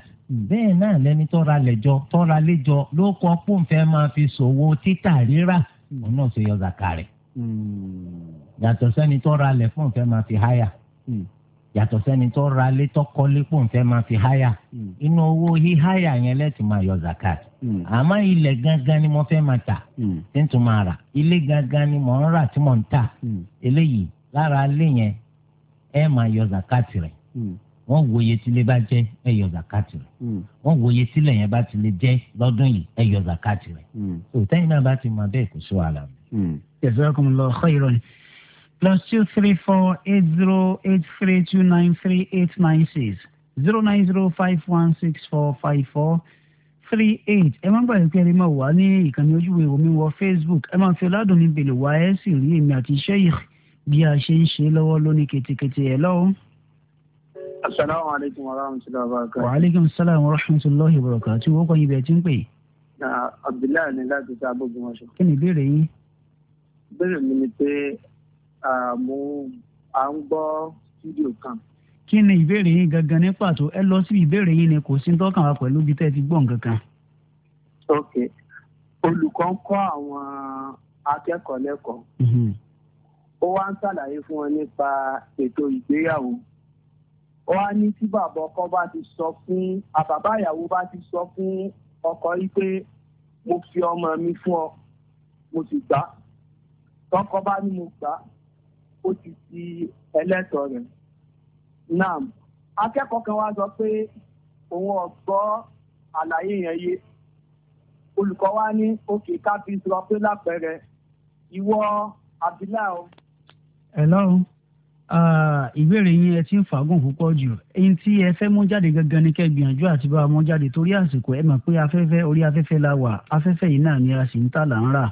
bẹ́ẹ̀ náà lẹni tọ́ra lẹ́jọ́ tọ́ra lẹ́jọ́ ló kọ́ pòǹfẹ́ máa fi ṣòwò títà rírà òun náà ṣe yọ zaka rẹ̀ hmm. yàtọ̀ sẹ́ni tọ́ra lẹ̀ pòǹfẹ́ máa fi háyà hmm. yàtọ̀ sẹ́ni tó ra lé tọkọ lépò nfẹ́ máa fi háyà hmm. inú owó híháyà yẹn lẹ́tì máa yọ zakat àmọ́ ilẹ̀ gangan ni mo fẹ́ máa tà tí n tún máa rà ilé gangan ni mo ń rà tí mo ń tà eléyìí lára ilé yẹn ẹ máa yọ zakat rẹ̀ wọ́n wòye tílé bá jẹ́ ẹ yọ zakati rẹ̀ hmm. wọ́n wòye tílé yẹn bá tilé jẹ́ lọ́dún yìí ẹ yọ zakati rẹ̀ tó hmm. tẹ́yìn náà bá ti mọ bẹ́ẹ̀ kò sí wàhálà. Hmm. jazakumullahu khairan ni plus two three four eight zero eight three two nine three eight nine six zero nine zero five one six four five four three eight ẹ máa ń gbàgbé pé ẹ lè máa wà ní ìkànnì ojúwe omi wọ facebook ẹ máa fi ọládùn níbi lè wá ẹ sì rí èmi àti iṣẹ́ yìí bí a ṣe ń ṣe lọ́wọ́ lóní ketekete ẹ lọ́wọ́ asalaamu alaykum wa rahmatulahi wa barakatu. wa aleykum salaam wa rahmatulahi wa barakatu. wọ́n kọ́ yín bẹ́ẹ̀ tí ń pè. abdullahi ni láti ṣe abógun wọn sọ. kí ni ìbéèrè yín. ìbéèrè mi ni pé mo à ń gbọ́ fídíò kan. kí ni ìbéèrè yín gangan ní pàtó ẹ lọ sí ìbéèrè yín ni kò sí tọ́kàn wa pẹ̀lú bí tẹ́ ẹ ti gbọ́ nǹkan kan. ok olùkọ́ ń kọ́ àwọn akẹ́kọ̀ọ́ lẹ́kọ̀ọ́ mhm. ó wá ń ṣàlàyé fún wọn nípa ètò ìgbéyàwó ó wá ní tí bàbá ọkọ bá ti sọ fún àbàbá ìyàwó bá ti sọ fún ọkọ yìí pé mo fi ọmọ mi fún ọ mo sì gbà tọkọ bá ní mo gbà ó ti di ẹlẹ́tọ̀ rẹ̀ nam akẹ́kọ̀ọ́ kan wá sọ pé òun ọ̀gbọ́ àlàyé yẹn yé olùkọ́ wa ní òkè káfíńsì rọ pé lápẹẹrẹ ìwọ abilà o. hello ìbéèrè yín ẹ ti ń fàágùn púpọ̀ jù ẹni tí ẹ fẹ́ mú jáde gangan ni kẹ́ gbìyànjú àti bá mú jáde torí àsìkò ẹ mọ̀ pé afẹ́fẹ́ orí afẹ́fẹ́ la wà afẹ́fẹ́ yìí náà ni a sì ń tà là ń rà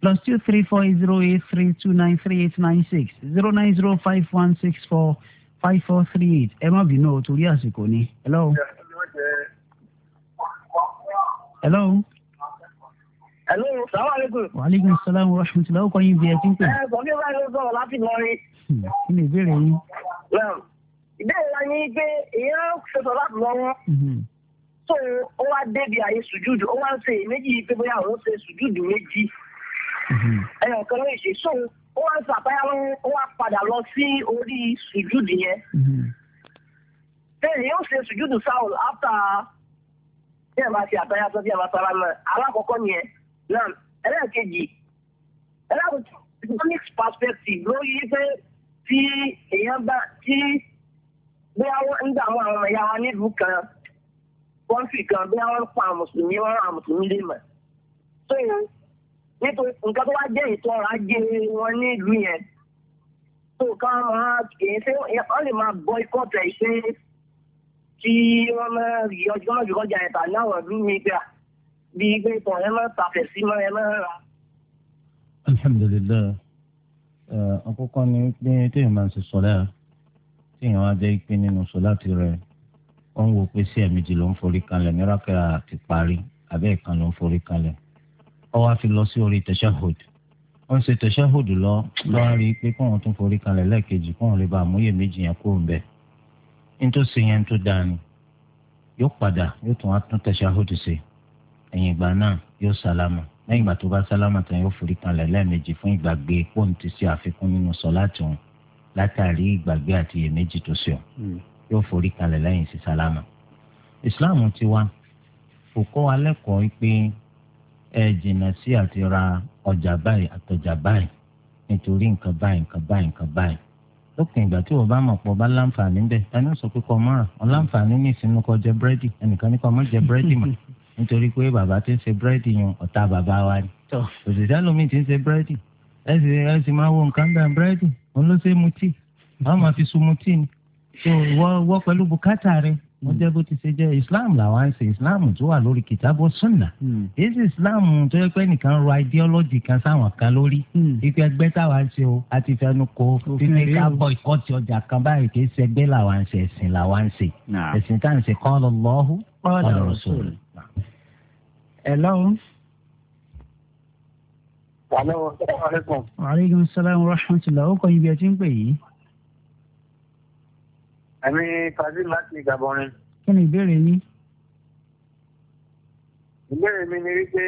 plus two three four zero eight three two nine three eight nine six zero nine zero five one six four five four three eight ẹ má bínú o torí àsìkò ni. hello. hello. Hello, salaam aleykum. Wa aleykum salaam wa rahmatulah. Ó kọ́ yín bí ẹ ti ń pè. Ẹ kò ní báyìí ló sọ̀rọ̀ láti Ìlọrin. Hmm, kí ni ìbéèrè yín? Ìbéèrè wa ni pé èèyàn ṣètò láti lọ́wọ́. Hmm. So ó wá débi àyè sùjúdù, ó wá ń ṣe méjì pé bóyá òun ṣe sùjúdù méjì. Hmm. Ẹyọ̀ kan ló ṣe so ó wá ń ṣàpáyà lọ́wọ́, ó wá padà lọ sí orí sùjúdù yẹn. Bẹ́ẹ̀ni yóò ṣe sùjúdù sáwùl after bí ẹ̀ bá ṣe àtàyà tó bí ẹ̀ bá sára náà, náà ẹlẹ́ẹ̀kejì ẹlẹ́ẹ̀kejì economic perspective ló yí pé tí èèyàn bá tí bí wọ́n ń dààmú àwọn ọmọ ìyá wa nílùú kan kọ́ńtì kan bí wọ́n ń pa mùsùlùmí wọ́n ra mùsùlùmí lè mọ̀ tó nítorí nǹkan tó wá jẹ́ ètò ọrọ̀ ajé wọn nílùú yẹn tó ká máa èyí pé wọ́n lè máa bọ ikọ́ tẹ̀ pé kí wọ́n máa yọjú wọn jù kọjá ẹ̀ta náà wọ̀ lórí ìgbà bíi pé tàn ẹ máa tàfẹ̀ sí mọ́ ẹ máa ra. alhamdulilayi àkọ́kọ́ ni pé téèyàn máa ń ṣe sọ́lá téèyàn wá jẹ́ pé nínú sọ́lá ti rẹ̀ ó ń wo pé sí ẹ̀mejì ló ń forí kanlẹ̀ mìíràkẹ́rà ti parí abẹ́ ìkan ló ń forí kanlẹ̀ ó wá fi lọ sí orí tashahhud ó ń ṣe tashahhud lọ lọ́ rí i pé kóun tún forí kanlẹ̀ lẹ́ẹ̀kejì kóun lè bá àmúyẹ méjì yẹn kó ń bẹ̀ nítòsí yẹn tó dáa ni yóò padà yóò tún á tún tashahhud ṣe ẹ̀yìn ìgbà náà yóò sálámà lẹ́yìn ìgbà tó bá sálámà tán yóò forí kanlẹ̀ lẹ́ẹ̀mejì fún ìgbàgbé pọ́ùn ti ṣe àfikún nínú sọ̀láàtì òun látàrí ìgbàgbé àti iyèméjì tó ṣe òun hmm. yóò forí kanlẹ̀ lẹ́yìn sí sálámà. ìsìláàmù ti wá kò kọ́ wa lẹ́kọ̀ọ́ pé ẹ jìnnà sí àti ra ọjà báyìí àtọjà báyìí nítorí nǹkan báyìí nǹkan báyìí nǹkan báyìí lópin ìgbà tí wọn bá mọ̀ pọ̀ bá láǹfààní bẹ́ẹ̀ ẹni sọ pé kọ́ mọ́ra wọn láǹfààní ní ìsinmi kọ́ jẹ búrẹ́dì ẹnìkan ní kọ́ mọ́ jẹ búrẹ́dì mọ́ nítorí pé bàbá tí ń ṣe búrẹ́dì yan ọ̀tá bàbá wa ni òṣìṣẹ́ lómi tí ń ṣe búrẹ́dì ẹ sì ẹ sì máa wo nǹkan bẹ́ẹ̀ búrẹ́dì òun ló ṣe mutí wọ́n máa fi sun mutí ni so pẹ̀lú bùkátà rẹ̀ wọ́n jẹ́ bó ti ṣe jẹ́ islam làwọn ń ṣe islam tó wà lórí kìtàbọ̀ sunna èyí hmm. sì islam tó yẹ pé nìkan rọ ideology kan sáwọn kan lórí hmm. ipe ẹgbẹ́ táwa ń ṣe o àti fẹnu ko fífi ká boycott ọjà kan báyìí kì í ṣe ẹgbẹ́ làwa ń ṣe ẹ̀sìn làwa ń ṣe ẹ̀sìn tá à ń ṣe qala Allahu qala Rasul. hello. wàhálà wàhálà. wàhálà ìgbọ̀nsẹ̀ láwọn rọ́ṣùn ti là ó kọ́ ibi Ẹ̀mí Kazeem láti Ìgàbọ̀rin. Kí ni ìbéèrè yín? Ìbéèrè mi ni wípé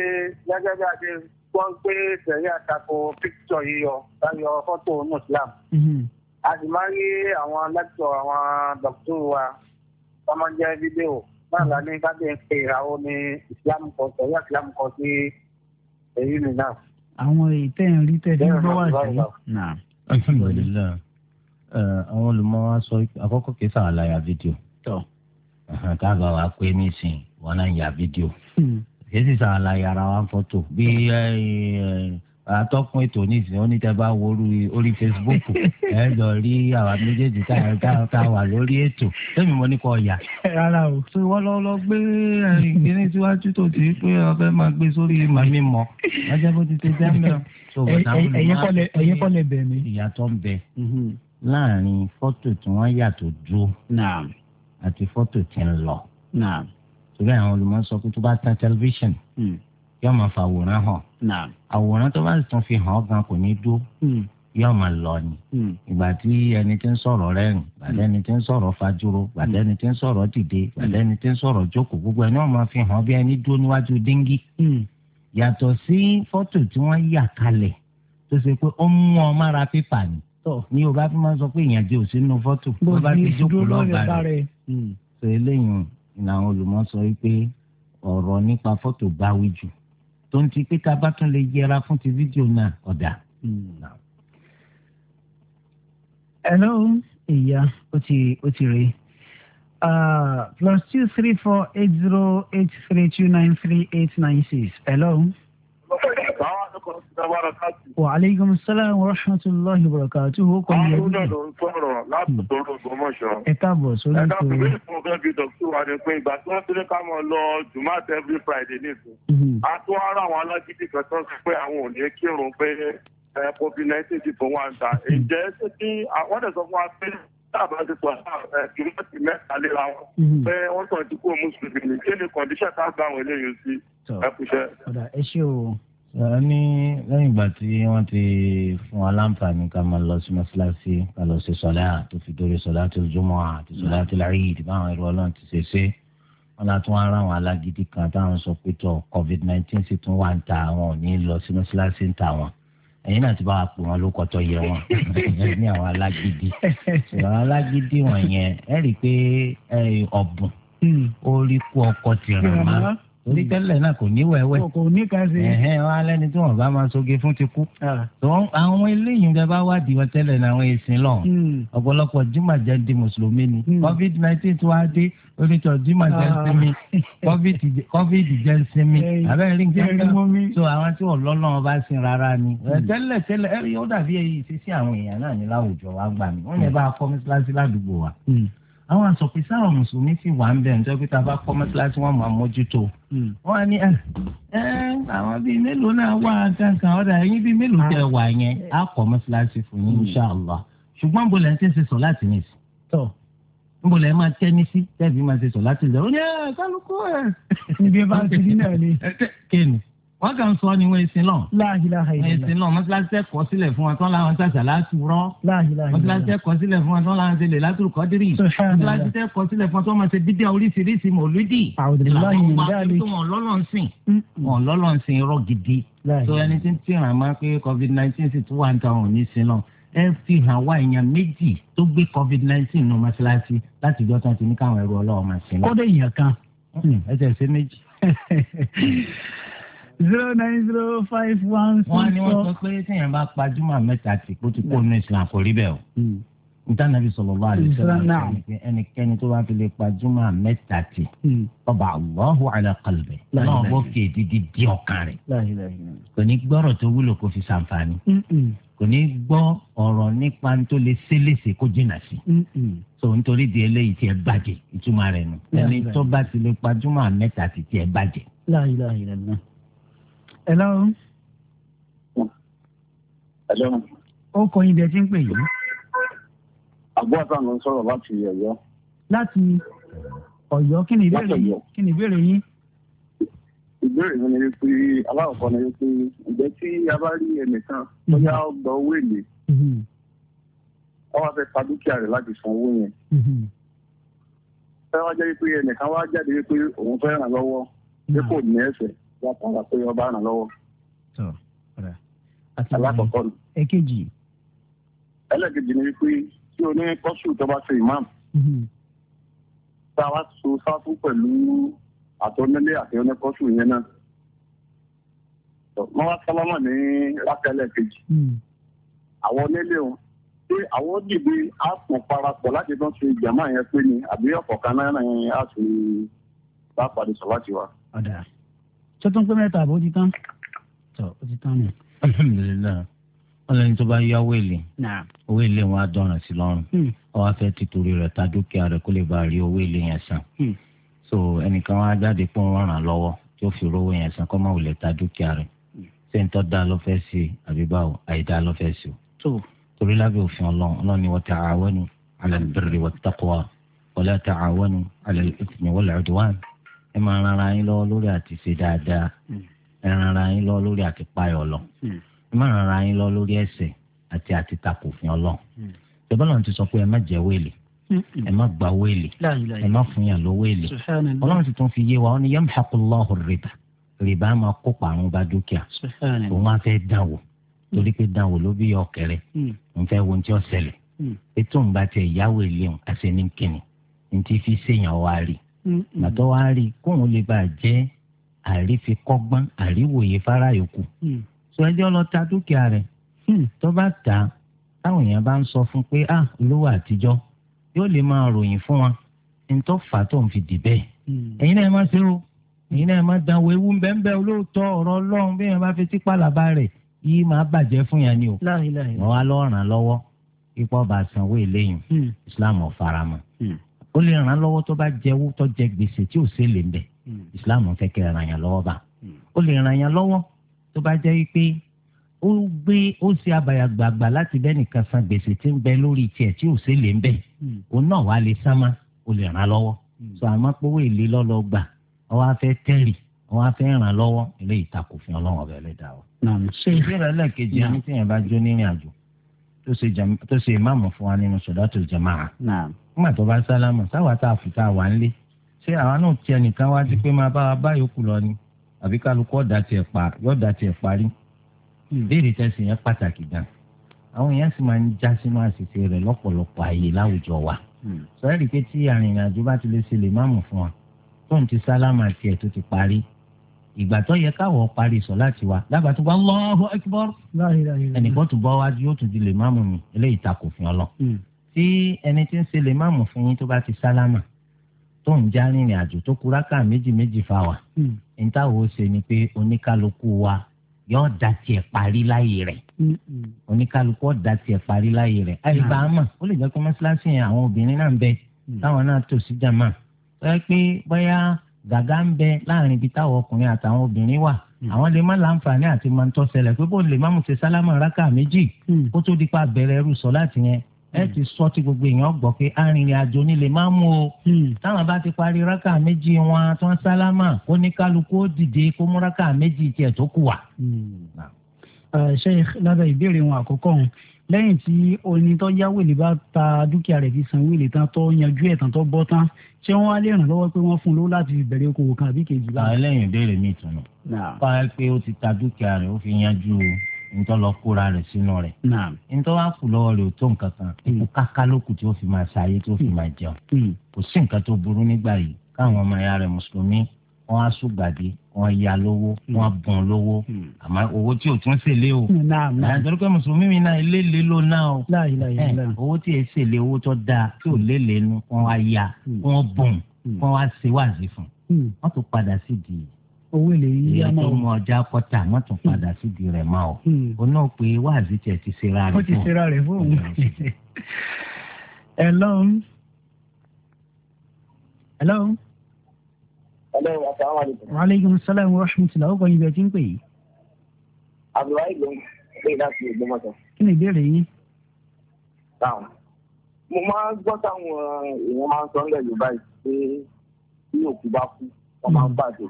gẹ́gẹ́ bí a ṣe gbọ́ pé tẹ̀lé àtakò píkítọ̀ yíyọ láyọ fọ́tò Muslim. Mhm. A sì máa ń rí àwọn lẹ́tọ̀ àwọn dọ̀kítọ̀ wa tó máa ń jẹ́ fídíò. Náà la ní ká bẹ́ẹ̀ pé ìràwọ̀ ni Islam kan tẹ̀lé Ìsìlámù kan sí èyí mi náà. Àwọn ìtẹ̀yìn rí tẹ̀lé ń gbọ́ wà sí. Eh, àwọn olùmọ̀ wa sọ àkọ́kọ́ kìí sàn àlàyé fídíò káàbà wa pé nísìn wọn náà yà fídíò hmm. kìí sì sàn àlàyé ara wa fọ́tò bí eh, eh, atọ́kùn ètò nísìn ó ní tẹ́ bá wo orí Facebook ẹ lọ rí àwa méjèèjì tá a wà lórí ètò lẹ́mi mo ní kọ́ ọ̀yà. rárá o tí wọ́n lọ lọ gbé ìgbéni síwájú tó ti pé ọbẹ̀ máa gbé sórí màmí mọ́ ọjọ́ bó ti ṣe jẹ́ mẹ́rin. ẹ̀yin kọ́ lẹ bẹ̀ mí. ìyàtọ̀ ń bẹ. Mm-hmm láàrin fọ́tò tí wọ́n yà tó dúró àti fọ́tò tí ń lọ. torí àwọn olùmọ̀ sọ pé tó bá tán tẹlifíṣàn hmm. yóò máa fa àwòrán hàn àwòrán tó bá tún fi hàn gan kò ní dúró hmm. yóò máa lọ ni hmm. ìgbà tí ẹni tí ń sọ̀rọ̀ rẹ́rìn gbàdé ẹni tí ń sọ̀rọ̀ fajúro gbàdé ẹni tí ń sọ̀rọ̀ dìde gbàdé ẹni tí ń sọ̀rọ̀ jókòó gbogbo ẹni wọ́n máa fi hàn bí ẹni dúró níwájú díngí yàtọ̀ sí fọ́tò tí wọ́n yà kalẹ̀ tó ṣe pé ó mú ọ mára pípa ni tọ ní o bá fi máa sọ pé ìyànjẹ ò sínú fọ́tò bó bá ti jókòó lọ́ọ̀bà rẹ̀ hmm. sọ eléyìí làwọn olùmọ̀ sọ wípé ọ̀rọ̀ nípa fọ́tò báwí jù tó ń ti pé tá a bá tún lè yẹra fún ti fídíò náà ọ̀dà. Hmm. hello ìyá ó ti ó ti rèé. Ah, plus two three four eight zero eight three two nine three eight nine six hello. Wa aleykum salaam wa rahmatulahi wa barakatuhu. Àwọn olùdó ló ń sọ̀rọ̀ láti hmm. tó ló gbọmọ̀ṣọ́. Ẹ káàbọ̀ sórí ìṣòro. Ẹ dákun bí ìfún fẹ́ fi dọ̀tí wa ni pé ìgbà tí wọ́n ti ní ká mọ̀ lọ Jumat every Friday nìkan. Hmm. A tún ara àwọn alágídí kan tó ń sọ pé àwọn ò ní kírun pé COVID nineteen ti fún wa ń ta. Hmm. Ǹjẹ́ ṣé kí wọ́n dẹ̀ sọ fún wa pé táàbà ti sọ kìlọ́ọ̀tì mẹ́ta léra wọn pé wọ́n sọ ti kú mùsùlùmí ní kí ni kọ̀ndíṣà tá a gbà wọn eléyìí sí ẹkùṣẹ́. ọ̀dà ẹ ṣé o sọ̀rọ̀ ní lẹ́yìn ìgbà tí wọ́n ti fún aláǹfààní ká máa lọ sí mọ́ṣáláṣí ká lọ sí sọ̀lá tó fi dórí sọ̀lá tó jùmọ̀ àti sọ̀lá tó láyé ìdìbò àwọn ẹ̀rọ ọlọ́run ti ṣe ṣe wọn la tún ara àwọn alágídí kan táwọn sọ pé tọ covid nineteen sì tún wà ń ta àwọn ò ní lọ sí mọ́ṣáláṣí ń ta wọn ẹ̀yin náà ti bá wa pè wọn ló kọ́tọ́ yẹ wọn ní àwọn alágídí àwọn alágídí wọ̀nyẹn ẹ̀ rí i pé ọ̀bùn hmm. ó rí kú ọkọ̀ tìrànmá torí hmm. tẹ́lẹ̀ náà kò ní wẹ́wẹ́. kò ní ká ṣe. ẹ̀hẹ́n wọn alẹ́ ni tí wọ́n bá máa soge fún ti kú. Ah. àwọn eléyìí bẹ́ẹ̀ bá wádìí wọn tẹ́lẹ̀ náà àwọn èsì lọ. Hmm. ọ̀pọ̀lọpọ̀ jùmọ̀jẹ́ di mùsùlùmí ni. Hmm. covid nineteen tí wàá dé onítọ̀ jùmọ̀jẹ́ ń ah. sinmi covid jẹ́ ń sinmi. abẹ́rẹ́ rí nǹkan kan so àwọn tí wọ́n lọ́nà wọn bá sin rárá ni. Eh, tẹ́lẹ̀ tẹ́lẹ̀ ó dàbí èyí sísí àwọn èèyàn náà ní láwùjọ wa gbà mí. wọ́n àwọn àsọpẹ sáwọn mùsùlùmí sì wà ń bẹ ǹjọ́ pé tá a bá kọ́ mọ́tíláṣí wọn máa mójútó. Hmm. wọ́n á ní ẹ ẹ àwọn bíi mélòó náà wà kankan ọ̀dà ẹ̀yìn bíi mélòó tẹ̀ wà yẹn á kọ́ mọ́tíláṣí fún yín inṣàlá ṣùgbọ́n bó ń tẹ̀sí sọ láti ní sí. tọ́ níbo lẹ́ máa tẹ́ni sí tẹ́ẹ̀fì máa ṣe sọ láti ní sí. ó ní ẹ kálukú ẹ níbi bá ń ti wọ́n kàn sọ ni wọ́n èsì náà. láàhìláhà ìlú. èsì náà mọ́sálásí ẹ̀kọ́ sílẹ̀ fún wa tán láwọn sàṣà láti rọ́. láàhìláhà ìlú. mọ́sálásí ẹ̀kọ́ sílẹ̀ fún wa tán láwọn ṣẹlẹ̀ látòrò kọ́dírì. mọ́sálásí ẹ̀kọ́ sílẹ̀ fún wa tán máa ṣe bídíà oríṣiríṣi mọ̀lúdì. àwọn ẹ fi hàn wá èèyàn méjì tó gbé covid nineteen nù mọ́sálásí láti ìjọ tán ti ní káwọn ẹrú ọlọ́wọ́ máa ṣe. kọ́dọ̀ èèyàn kan. ẹ tẹ̀ ṣe méjì. zero nine zero five one six four. wọ́n ní wọ́n sọ pé téèyàn bá pa jùmọ̀ mẹ́ta tí kò ti kó nu islam kò rí bẹ́ẹ̀ o. Hmm. ìtànàbí sallallahu alaihi wasallam ẹnikẹ́ni tó bá fi lè pa jùmọ̀ mẹ́ta tí hmm. ọba Allahu ala qalbi náà bó fi èdìdì di ọkàn rẹ̀ kò ní gbọ́rọ̀ tó wúlò kó fi ṣàǹfààní kò ní gbọ́ ọ̀rọ̀ nípa tó lè ṣẹlẹ̀ṣẹ̀ kó jìnnà sí so nítorí di eléyìí tí ẹ bàjẹ́ ìtumọ̀ rẹ̀ nù ẹni tó bá ti lè pa jùmọ̀ mẹ́ta tí tí ẹ bàjẹ́. láyé láyé lẹ́nu náà hello. hello. ó kọ yín bí ẹ ti ń pè yìí. àbúrò àtàwọn ló ń sọ̀rọ̀ láti Ọ̀yọ́. láti Ọ̀yọ́ kí ni ìbéèrè yín kí ni ìbéèrè yín. ìbéèrè mi ni wípé aláwọ̀kọ́ ni wípé ìgbẹ́ tí a bá rí ẹnìkan bóyá ó mm-hmm. gba owó èlé wọ́n mm-hmm. wá fẹ́ pa dúkìá rẹ̀ láti san owó yẹn mm-hmm. fẹ́ wá jẹ́ wípé ẹnìkan wá jáde wípé òun fẹ́ ràn lọ́wọ́ pé kò ní ẹ̀fẹ̀ yàtọ̀ pé ọba ràn lọ́wọ́. alákọ̀ọ́kọ́ ni. ẹ̀kejì. ẹlẹ́kejì ni wípé tí o ní kọ́sù tó bá ṣe imam. Mm-hmm. tá a wá so sáfù pẹ̀lú àtọ́nílé àti oníkọ́sù yẹn náà. wọ́n wá sálámà ní rákẹ́lẹ̀ kejì. Mm. àwọn onílé o pé àwọn dìde á pọ̀ parapọ̀ láti tán ṣe jàmáà yẹn pé ni àbí ọ̀kọ̀ọ̀kan náà yẹn á sì bá pàdé sọ̀láṣí wa. ọ̀dà tó tún pé mẹ́ta àbó ti tán tó ó ti tán nù. alhamdulilayi wọn lẹni tó bá yáwó èlé owó èlé wọn á dọ̀ràn sí lọ́rùn ọwọ́ hmm. afẹ́ ti torí ta dúkìá rẹ̀ kó lè bá rí owó èlé yẹn san hmm. so ẹnìkan wọn á jáde pé wọn ràn lọ́wọ́ tí ó fi rówó yẹn san kó má wulẹ̀ ta dúkìá rẹ̀ hmm. ṣé ń tọ́ da ló fẹ́ ṣe àbí báwo àìdá o torí lábẹ́ òfin ọlọ́run ọlọ́run ni wa ta'awanu ala al-birri wat-taqwa wa la ta'awanu ala al-ithmi wal-'udwan ẹ máa ran ara yín lọ́wọ́ lórí àti ṣe dáadáa ẹ ran ara yín lọ́wọ́ lórí àti payọ̀ lọ ẹ máa ran ara yín lọ́wọ́ lórí ẹ̀ṣẹ̀ àti àti takòfin ọlọ́run tẹ́bọ́lọ́run ti sọ pé ẹ má jẹ́ wéèlì ẹ má gba wéèlì ẹ má fún yàn lọ wéèlì ọlọ́run ti tún fi yé wa ó ní yamhaqullahu rìbá rìbá máa kó parun bá dúkìá òun á fẹ́ dàn wò torí pé dàn wò ló bí ọ̀kẹ́rẹ́ hmm. òun fẹ́ wo ohun tí ètò hmm. òun bá tiẹ̀ yáwó ilé òun àṣẹ ní kìnnì ní ti fi ṣèyàn wá rí gbàtọ́ wá rí i kóun lè bàa jẹ́ àrífikọ́gbọ́n àríwòye fara yòókù mm. sọ ẹjọ́ lọ ta dúkìá rẹ̀ mm. tó bá ta táwọn èèyàn bá ń sọ fún pé ah olówó àtijọ́ yóò lè máa ròyìn fún wa ntọ́ fà tó ń fi dì bẹ́ẹ̀ mm. ẹ̀yin náà ẹ má ṣerú ẹ̀yin náà ẹ má dánwò ewu bẹ́ẹ̀ olóòótọ́ ọ̀rọ̀ ọlọ́run bí yẹn bá fi sípàlàbà rẹ̀ yìí máa bàjẹ́ fún yẹn ni o wọ́n wá lọ́ọ́ ràn lọ́wọ́ ipò ọba sanwó eléyìn Islam ò ó lè ràn án lọ́wọ́ tó bá jẹ́wọ́ tó jẹ gbèsè tí ò sí lè ń hmm. islam fẹ́ kẹ́ ràn yàn lọ́wọ́ bá hmm. ó lè ràn yàn lọ́wọ́ tó bá jẹ́ pé ó gbé ó ṣe abàyàgbàgbà láti bẹ́ẹ̀ nìkan san gbèsè tí ń bẹ lórí tiẹ̀ tí ò sí lè ń hmm. òun náà wàá lè sánmà ó lè ràn án lọ́wọ́ so àmọ́ pé owó èlé lọ́lọ́ gbà ọ wá fẹ́ tẹ̀rì ọ wá fẹ́ ràn án lọ́wọ́ eléyìí takò ọlọ́wọ́ bẹ̀rẹ̀ dà tó ṣe ìmáàmù fún wa nínú sọ̀dọ̀tò jama'a. nígbà tó bá sálámù táwa tá a fi tá a wà ń lé ṣé àwa náà tiẹ̀ nìkan wá sí pé máa bá wa bá yòókù lọ ni àbí kálukú ọ̀dà tiẹ̀ pa yọ̀ọ̀dà tiẹ̀ parí. Hmm. ìbéèrè tẹ̀sí yẹn pàtàkì gan. àwọn èèyàn sì máa ń já sínú àṣìṣe rẹ̀ lọ́pọ̀lọpọ̀ àyè láwùjọ wa. Hmm. sọ̀rọ̀ ìdíkẹ́ tí arìnrìn àjò bá ti lè ṣe lè máàmù fún wa tóun ti sálámù àti ẹ̀ tó ti parí ìgbà tó yẹ káwọn parí sọ láti wá lábàá tó bá Allahu Akbar ẹnìkan tó bọ́ wájú yóò tún di lè máàmù mi eléyìí ta kò fi ọ lọ. Hmm. tí ẹni tí ń ṣe lè máàmù fún yín tó bá ti sálámà tó ń já rìnrìn àjò tó kura ká méjì méjì fa wà. ìtawọ̀ hmm. ṣe ni pé oníkálukú wa yóò da tiẹ̀ parí láyé rẹ̀ hmm. oníkálukú ọ̀ da tiẹ̀ parí láyé rẹ̀. àyè bá a mọ̀ ó lè jẹ́ pé mọ́ṣáláṣí yẹn àwọn obìnrin náà ń bẹ táwọn náà tò sí jàmáà gàgà ń bẹ láàrin ibi táwọn ọkùnrin àtàwọn obìnrin wà hmm. àwọn lè má láǹfààní àti máa ń tọ́sẹ̀lẹ̀ pé bóun lè má mú ṣe sálámà rákà méjì hmm. kó tó di pa bẹ̀rẹ̀ ẹrú sọ láti yẹn ẹ hmm. ti sọ tí gbogbo èèyàn gbọ́ pé arìnrìn àjò ni lè má mú o táwọn bá ti parí rákà méjì wọn tó ń sálámà ó ní kálukú ó dìde kó mú rákà méjì tiẹ̀ tó kù wá. ṣé uh, lábẹ́ ìbéèrè wọn àkọ́kọ́ lẹ́yìn tí oní tó yá wèlé bá ta dúkìá rẹ̀ fi san wèlé tán tó yanjú ẹ̀ tán tó bọ́ tán ṣé wọ́n á lè ràn lọ́wọ́ pé wọ́n fún un lówó láti bẹ̀rẹ̀ okòwò kan àbí kejì báyìí. lẹ́yìn ìbéèrè mi ìtùnú. fáwọn pé ó ti ta dúkìá rẹ̀ ó fi yanjú ntọ́ lọ kóra rẹ̀ sínú rẹ̀ ntọ́ wá kù lọ́wọ́ rẹ̀ ò tó nǹkan kan ikú hmm. káká lókù tí ó fi máa ṣayé tí ó fi hmm. máa jẹun hmm. kò sí nǹkan tó burú nígbà yìí káwọn ọmọ ya rẹ̀ mùsùlùmí wọn á ṣùgbàdì wọn ya lówó wọn bùn lówó hmm. àmọ́ owó tí o tún ṣèlé o àtàrí pé mùsùlùmí mi náà eléle ló náà o eh, owó tí e ṣèlé owó tó dáa tí ò lélẹ̀ nu wọn á ya hmm. wọn bùn hmm. wọn á ṣe wáàzì fún wọn tún padà sí di owó lè yí ọmọ o ìyá tó mú ọjà kọta wọn tún padà sí di rẹ mọ o o náà pé wáàzì tiẹ̀ ti ṣera rẹ fún o ti ṣera rẹ fún o ẹ lọ́hùn. Hello. Hello? aleykum salaam wa rahmatulah ọkọ ibi ẹtí ń pè yìí. abdulwayi ló ń pè láti Ògbómọ̀ṣọ́. kí ni ìbéèrè yín. táwọn mo máa ń gbọ́ táwọn eh, èèyàn máa ń sọ ńlẹ̀ yorùbá yìí pé bí òkú bá kú wọ́n máa ń hmm. pàdé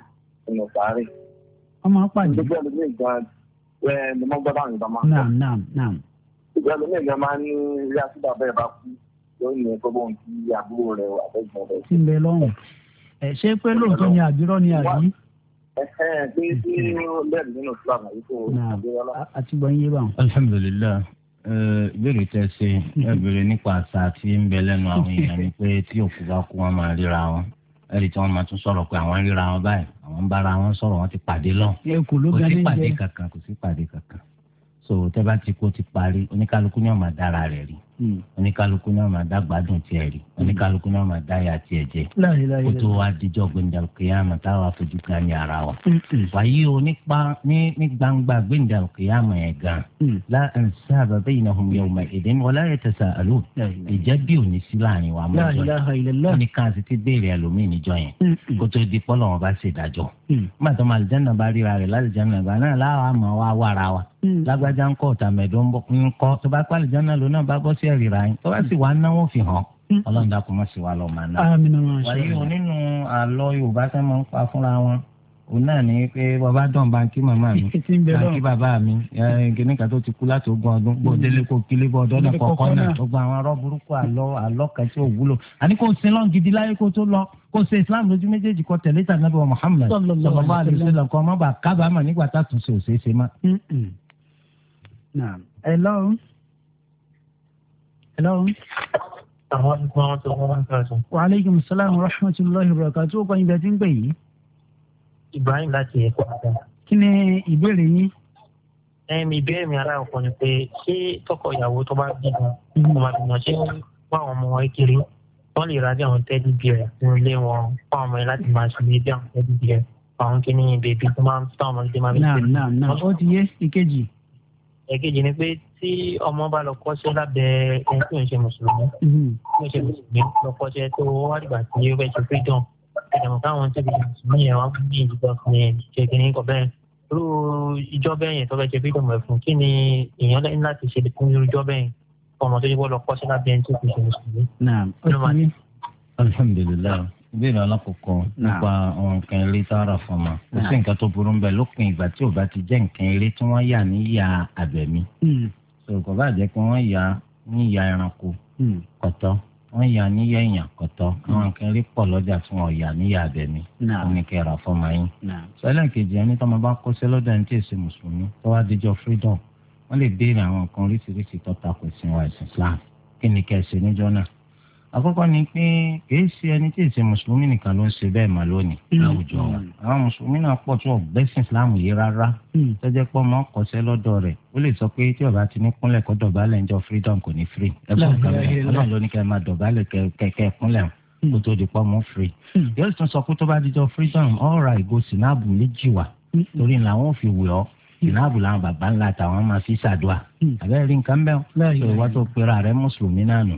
ọ̀nà sáré. wọ́n máa ń pàdé. gbogbo ẹlòmíì gan ẹ eh, ni mo gbọ́ táwọn yorùbá máa ń sọ. naam ẹlòmíì ẹ ṣé pé lóòótọ́ ni àbírọ́ ni àbí. pé tí bẹ́ẹ̀ nínú islam àyíkó àbírọ́ náà. àti gbọ́n yé bá wọn. alhamdulilayi ìbéèrè tẹ ṣe hmm. ẹ béèrè nípa àṣà tí ń bẹ lẹ́nu àwọn èèyàn ni pé tí òkú bá kú wọn máa ríra wọn ẹni tí wọn máa tún sọ̀rọ̀ pé àwọn ríra wọn báyìí àwọn ń bára wọn sọ̀rọ̀ wọn ti pàdé lọ kò sí pàdé kankan kò sí pàdé kankan so tẹ bá ti kó ti parí oníkálukú ni wọn máa dára rẹ̀ rí. Hmm. oníkálukú náà máa dá gbádùn tiẹ̀ rí hmm. oníkálukú náà máa dá ya tiẹ̀ jẹ kó tó wá díjọ́ gbẹ̀ndàlùkìyàmù táwa fojú kan ní ara wa. Hmm. wàyí o nípa ní gbangba gbẹ̀ndàlùkìyàmù yẹn gan la ansaba baynahum yawma idin wala yatasaalun ìjẹ́ bí òní sí láàrin wa mọ́ ọjọ́ oníkan sì ti béèrè ẹlòmíì níjọ yẹn kó tó di pọ́lọ̀ wọn bá ṣèdájọ́ gbàtọ́ màlìjánà bá ríra rẹ̀ lálìjánà bá náà láwa mọ̀ wá wára wa lágbájá ńkọ́ ọ̀tàmẹ̀dọ́ ńkọ́ tó bá pàlìjánà lónà bá bọ́ sí kẹ́rìíra yín tó bá sì wàá náwó fi hàn mm. ọlọ́run dàkú mọ́ sí wa lọ́ọ́ máa náà. wàyí o nínú àlọ́ yorùbá sẹ́ máa ń pa fúnra wọn òun náà ní pé bàbá dán báńkì màmá mi báńkì bàbá mi kìnìún kan tó ti kú láti ogún ọdún bó mm. délé kó kílé bó ọdún ọdún kọ̀ọ̀kan náà gbogbo àwọn arọ́ burúkú àlọ́ àlọ́ kan tí ò wúlò àní kò sin lọ́n gidi láyé kó tó lọ kó ṣe islam lójú méjèèjì kó tẹ̀lé tà nàbẹ̀wò muhammed sọlọ́lá àdìsílẹ̀ kọ́ ọmọ bá kábàámà nígbà tá a tún ṣe òṣèṣe má. ẹ lọ́run. Hello. Àwọn àdúgbò àwọn tó wọ́n ń kàṣọ. Wa aleykum salaam wa rahmatulahi wa barakatuh. Ó kọ́ ibẹ̀ tí ń pè yìí. Ibrahim láti Èkó Adam. Kí ni ìbéèrè yín? Ẹ̀mi ìbéèrè mi aláwọ̀ ni pé ṣé tọkọ ìyàwó tó bá bímọ tó bá bímọ ṣé wọ́n àwọn ọmọ wọn kiri wọ́n lè ra bí àwọn tẹ́lí bí rẹ̀ nínú ilé wọn fún àwọn ọmọ yẹn láti máa ṣe bí àwọn tẹ́lí bí rẹ̀ àwọn kìíní bèbí tó máa ń tán ọmọ ẹ̀kejì ni pé tí ọmọ bá lọ kọ́ṣẹ́ lábẹ́ ẹni tí ò ń ṣe mùsùlùmí tí ò ń ṣe mùsùlùmí lọ kọ́ṣẹ́ tó wá dìgbà tí ó fẹ́ ṣe freedom ìdààmú káwọn tí kò mùsùlùmí yẹn wá fún yìí gbọ́ fún yẹn ṣe kí ní kọ bẹ́ẹ̀ irú ìjọ bẹ́ẹ̀ yẹn tó fẹ́ ṣe freedom ẹ̀ fún kí ni èèyàn lẹ́yìn láti ṣe fún irú ìjọ bẹ́ẹ̀ ọmọ tó yẹ kó lọ kọ́ṣẹ́ lábẹ́ ẹni tí kò ṣe mùsùlùmí ìbéèrè alákọ̀ọ́kọ́ nípa àwọn nǹkan eré tá a rà fún ọmọ kò sí nǹkan tó burú bẹ́ẹ̀ lópin ìgbà tí ò bá ti jẹ́ nǹkan eré tí wọ́n yà níyà abẹ̀mí hmm. kò bá jẹ́ pé wọ́n yà níyà ẹranko hmm. kọ̀tọ́ wọ́n yà níyà èèyàn kọ̀tọ́ hmm. àwọn nǹkan eré pọ̀ lọ́jà tí wọ́n yà níyà abẹ̀mí wọ́n ní kí ẹ rà fún ọmọ yín. sọlá kejì ẹni tó máa bá kó sí lọ́dọ̀ ẹni tí èsì mùsùlùmí tó wá dijọ́ freedom wọ́n lè béèrè àwọn nǹkan oríṣiríṣi tó takò ìsìn wa ìsìn Islam kí ni kẹ́ àkọ́kọ́ ni pé kìí ṣe ẹni tí èsì mùsùlùmí nìkan ló ń ṣe bẹ́ẹ̀ mà lónìí hmm. láwùjọ wa hmm. àwọn mùsùlùmí náà pọ̀ tí wọ́n gbẹ́sìn islam yìí rárá hmm. tọ́jẹ́ pọ́ mọ́ kọsẹ́ lọ́dọ̀ rẹ̀ ó lè sọ pé tí ọba ti ní kúnlẹ̀ kó dọ̀bálẹ̀ ń jọ freedom kò ní free ẹgbẹ́ kan bẹ́ẹ̀ ọlọ́run ló ní kẹ́ máa dọ̀bálẹ̀ kẹ́kẹ́ kúnlẹ̀ kó tó di pọ́ mọ́ free yóò tún sọ pé tó bá di jọ freedom ọ̀rà ìgò sinabu méjì wà torí làwọn fi wù ọ́ ìnáàbù làwọn bàbá ńlá tàwọn máa fi ṣàdúà àbẹ́rẹ́ nǹkan bẹ́ẹ̀ ìwà tó pera rẹ̀ mùsùlùmí náà nù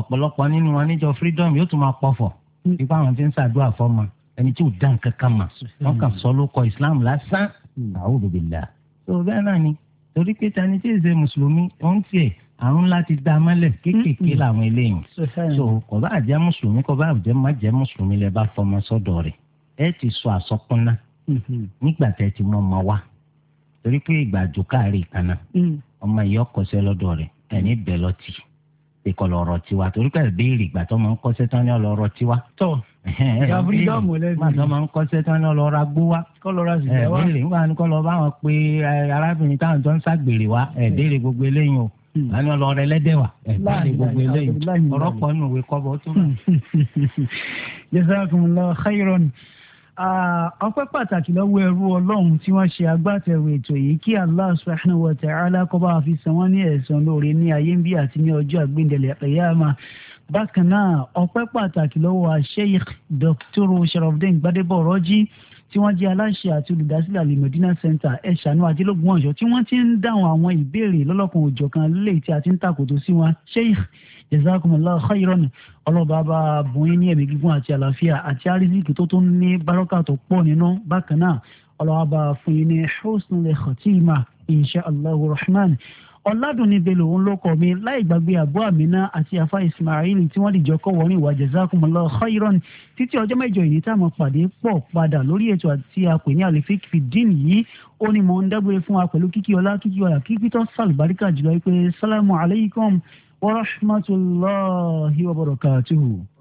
ọ̀pọ̀lọpọ̀ nínú wọn níjọ freedom yóò tún máa pọ̀fọ̀ nípa mm. àwọn tí ń ṣàdúrà fọ́mọ ẹni tí ò dá nǹkan kan mà wọ́n kàn sọ ló kọ islam lásán mm. a'udhu billah. tó bẹ́ẹ̀ náà ni torí pé tani tí èsè mùsùlùmí ó ń tiẹ̀ àrùn láti dá mọ́lẹ̀ kéékèèké làwọn eléyìí so kò bá jẹ́ mùsùlùmí kò bá jẹ́ má jẹ́ mùsùlùmí lẹ bá fọmọ sọ́dọ̀ rẹ̀ ẹ ti sọ àsọkúnná mm-hmm. nígbà tẹ́ ti mọ́ ọmọ wa torí pé ìgbà àjòkà rè kànáà mm. ọmọ ìyá lọ́dọ̀ rẹ̀ ẹ̀ ní bẹ̀ lọ́tì ìkọlọ̀ ọ̀rọ̀ tiwa torí pé béèrè ìgbà tó máa ń kọ́sẹ́ tán ní ọlọ́rọ̀ tiwa. tó gàfúrídọ́ọ̀mù lẹ́nu. má tó máa ń kọ́sẹ́ tán ní ọlọ́ra gbó wa. kọ́lọ́ra sì jẹ́ wa. béèrè nígbà ní kọ́lọ́ bá wọn pé arábìnrin táwọn tó ń ságbèrè wa béèrè gbogbo eléyìí o hmm. àní ọlọ́rọ̀ ẹlẹ́dẹ̀ wa béèrè gbogbo eléyìí ọ̀rọ̀ pọ̀ nù ọpẹ́ pàtàkì lọ́wọ́ ẹrú ọlọ́run tí wọ́n ṣe agbátẹrù ètò yìí kí allah subhanahu wa ta'ala kó bá fi san wọ́n ní ẹ̀san lóore ní ayé ń bí àti ní ọjọ́ àgbéǹdẹ̀lẹ̀ ẹ̀yàmà bákan náà ọpẹ́ pàtàkì lọ́wọ́ sheikh dr sharafdin gbadebo rọ́jí tí wọ́n jẹ́ aláṣẹ àti olùdásílẹ̀ alimọ̀dínà center ẹ̀ṣánú ajẹ́lógún ọ̀ṣọ́ tí wọ́n ti ń dáhùn àwọn ìbéèrè lọ́lọ́kan òjọ̀kan lè a ti ń tàkòtò jazakumullahu khairan ọlọ́ba bá bùn yín ní ẹ̀mí gígùn àti àlàáfíà àti àrísìkì tó tún ní bárọ́kà tó pọ̀ nínú bákan náà ọlọ́ba bá fún yín ní husnul khatima insha allahu rahman ọ̀làdùnní bello òun ló kọ̀ mi láì gbàgbé àbú àmínà àti àfa ismail tí wọ́n dìjọ kọ́ wọ́n ní ìwà jazakumullahu khairan títí ọjọ́ mẹ́jọ yìí tá a máa pàdé pọ̀ padà lórí ètò àti àpè ní àlefik fìdín yìí ó ní mò ń dágbére fún wa pẹ̀lú kíkí ọlá kíkí ọlá kíkí tó sàlùbáríkà jùlọ wípé sálámù alaykum ورحمة الله وبركاته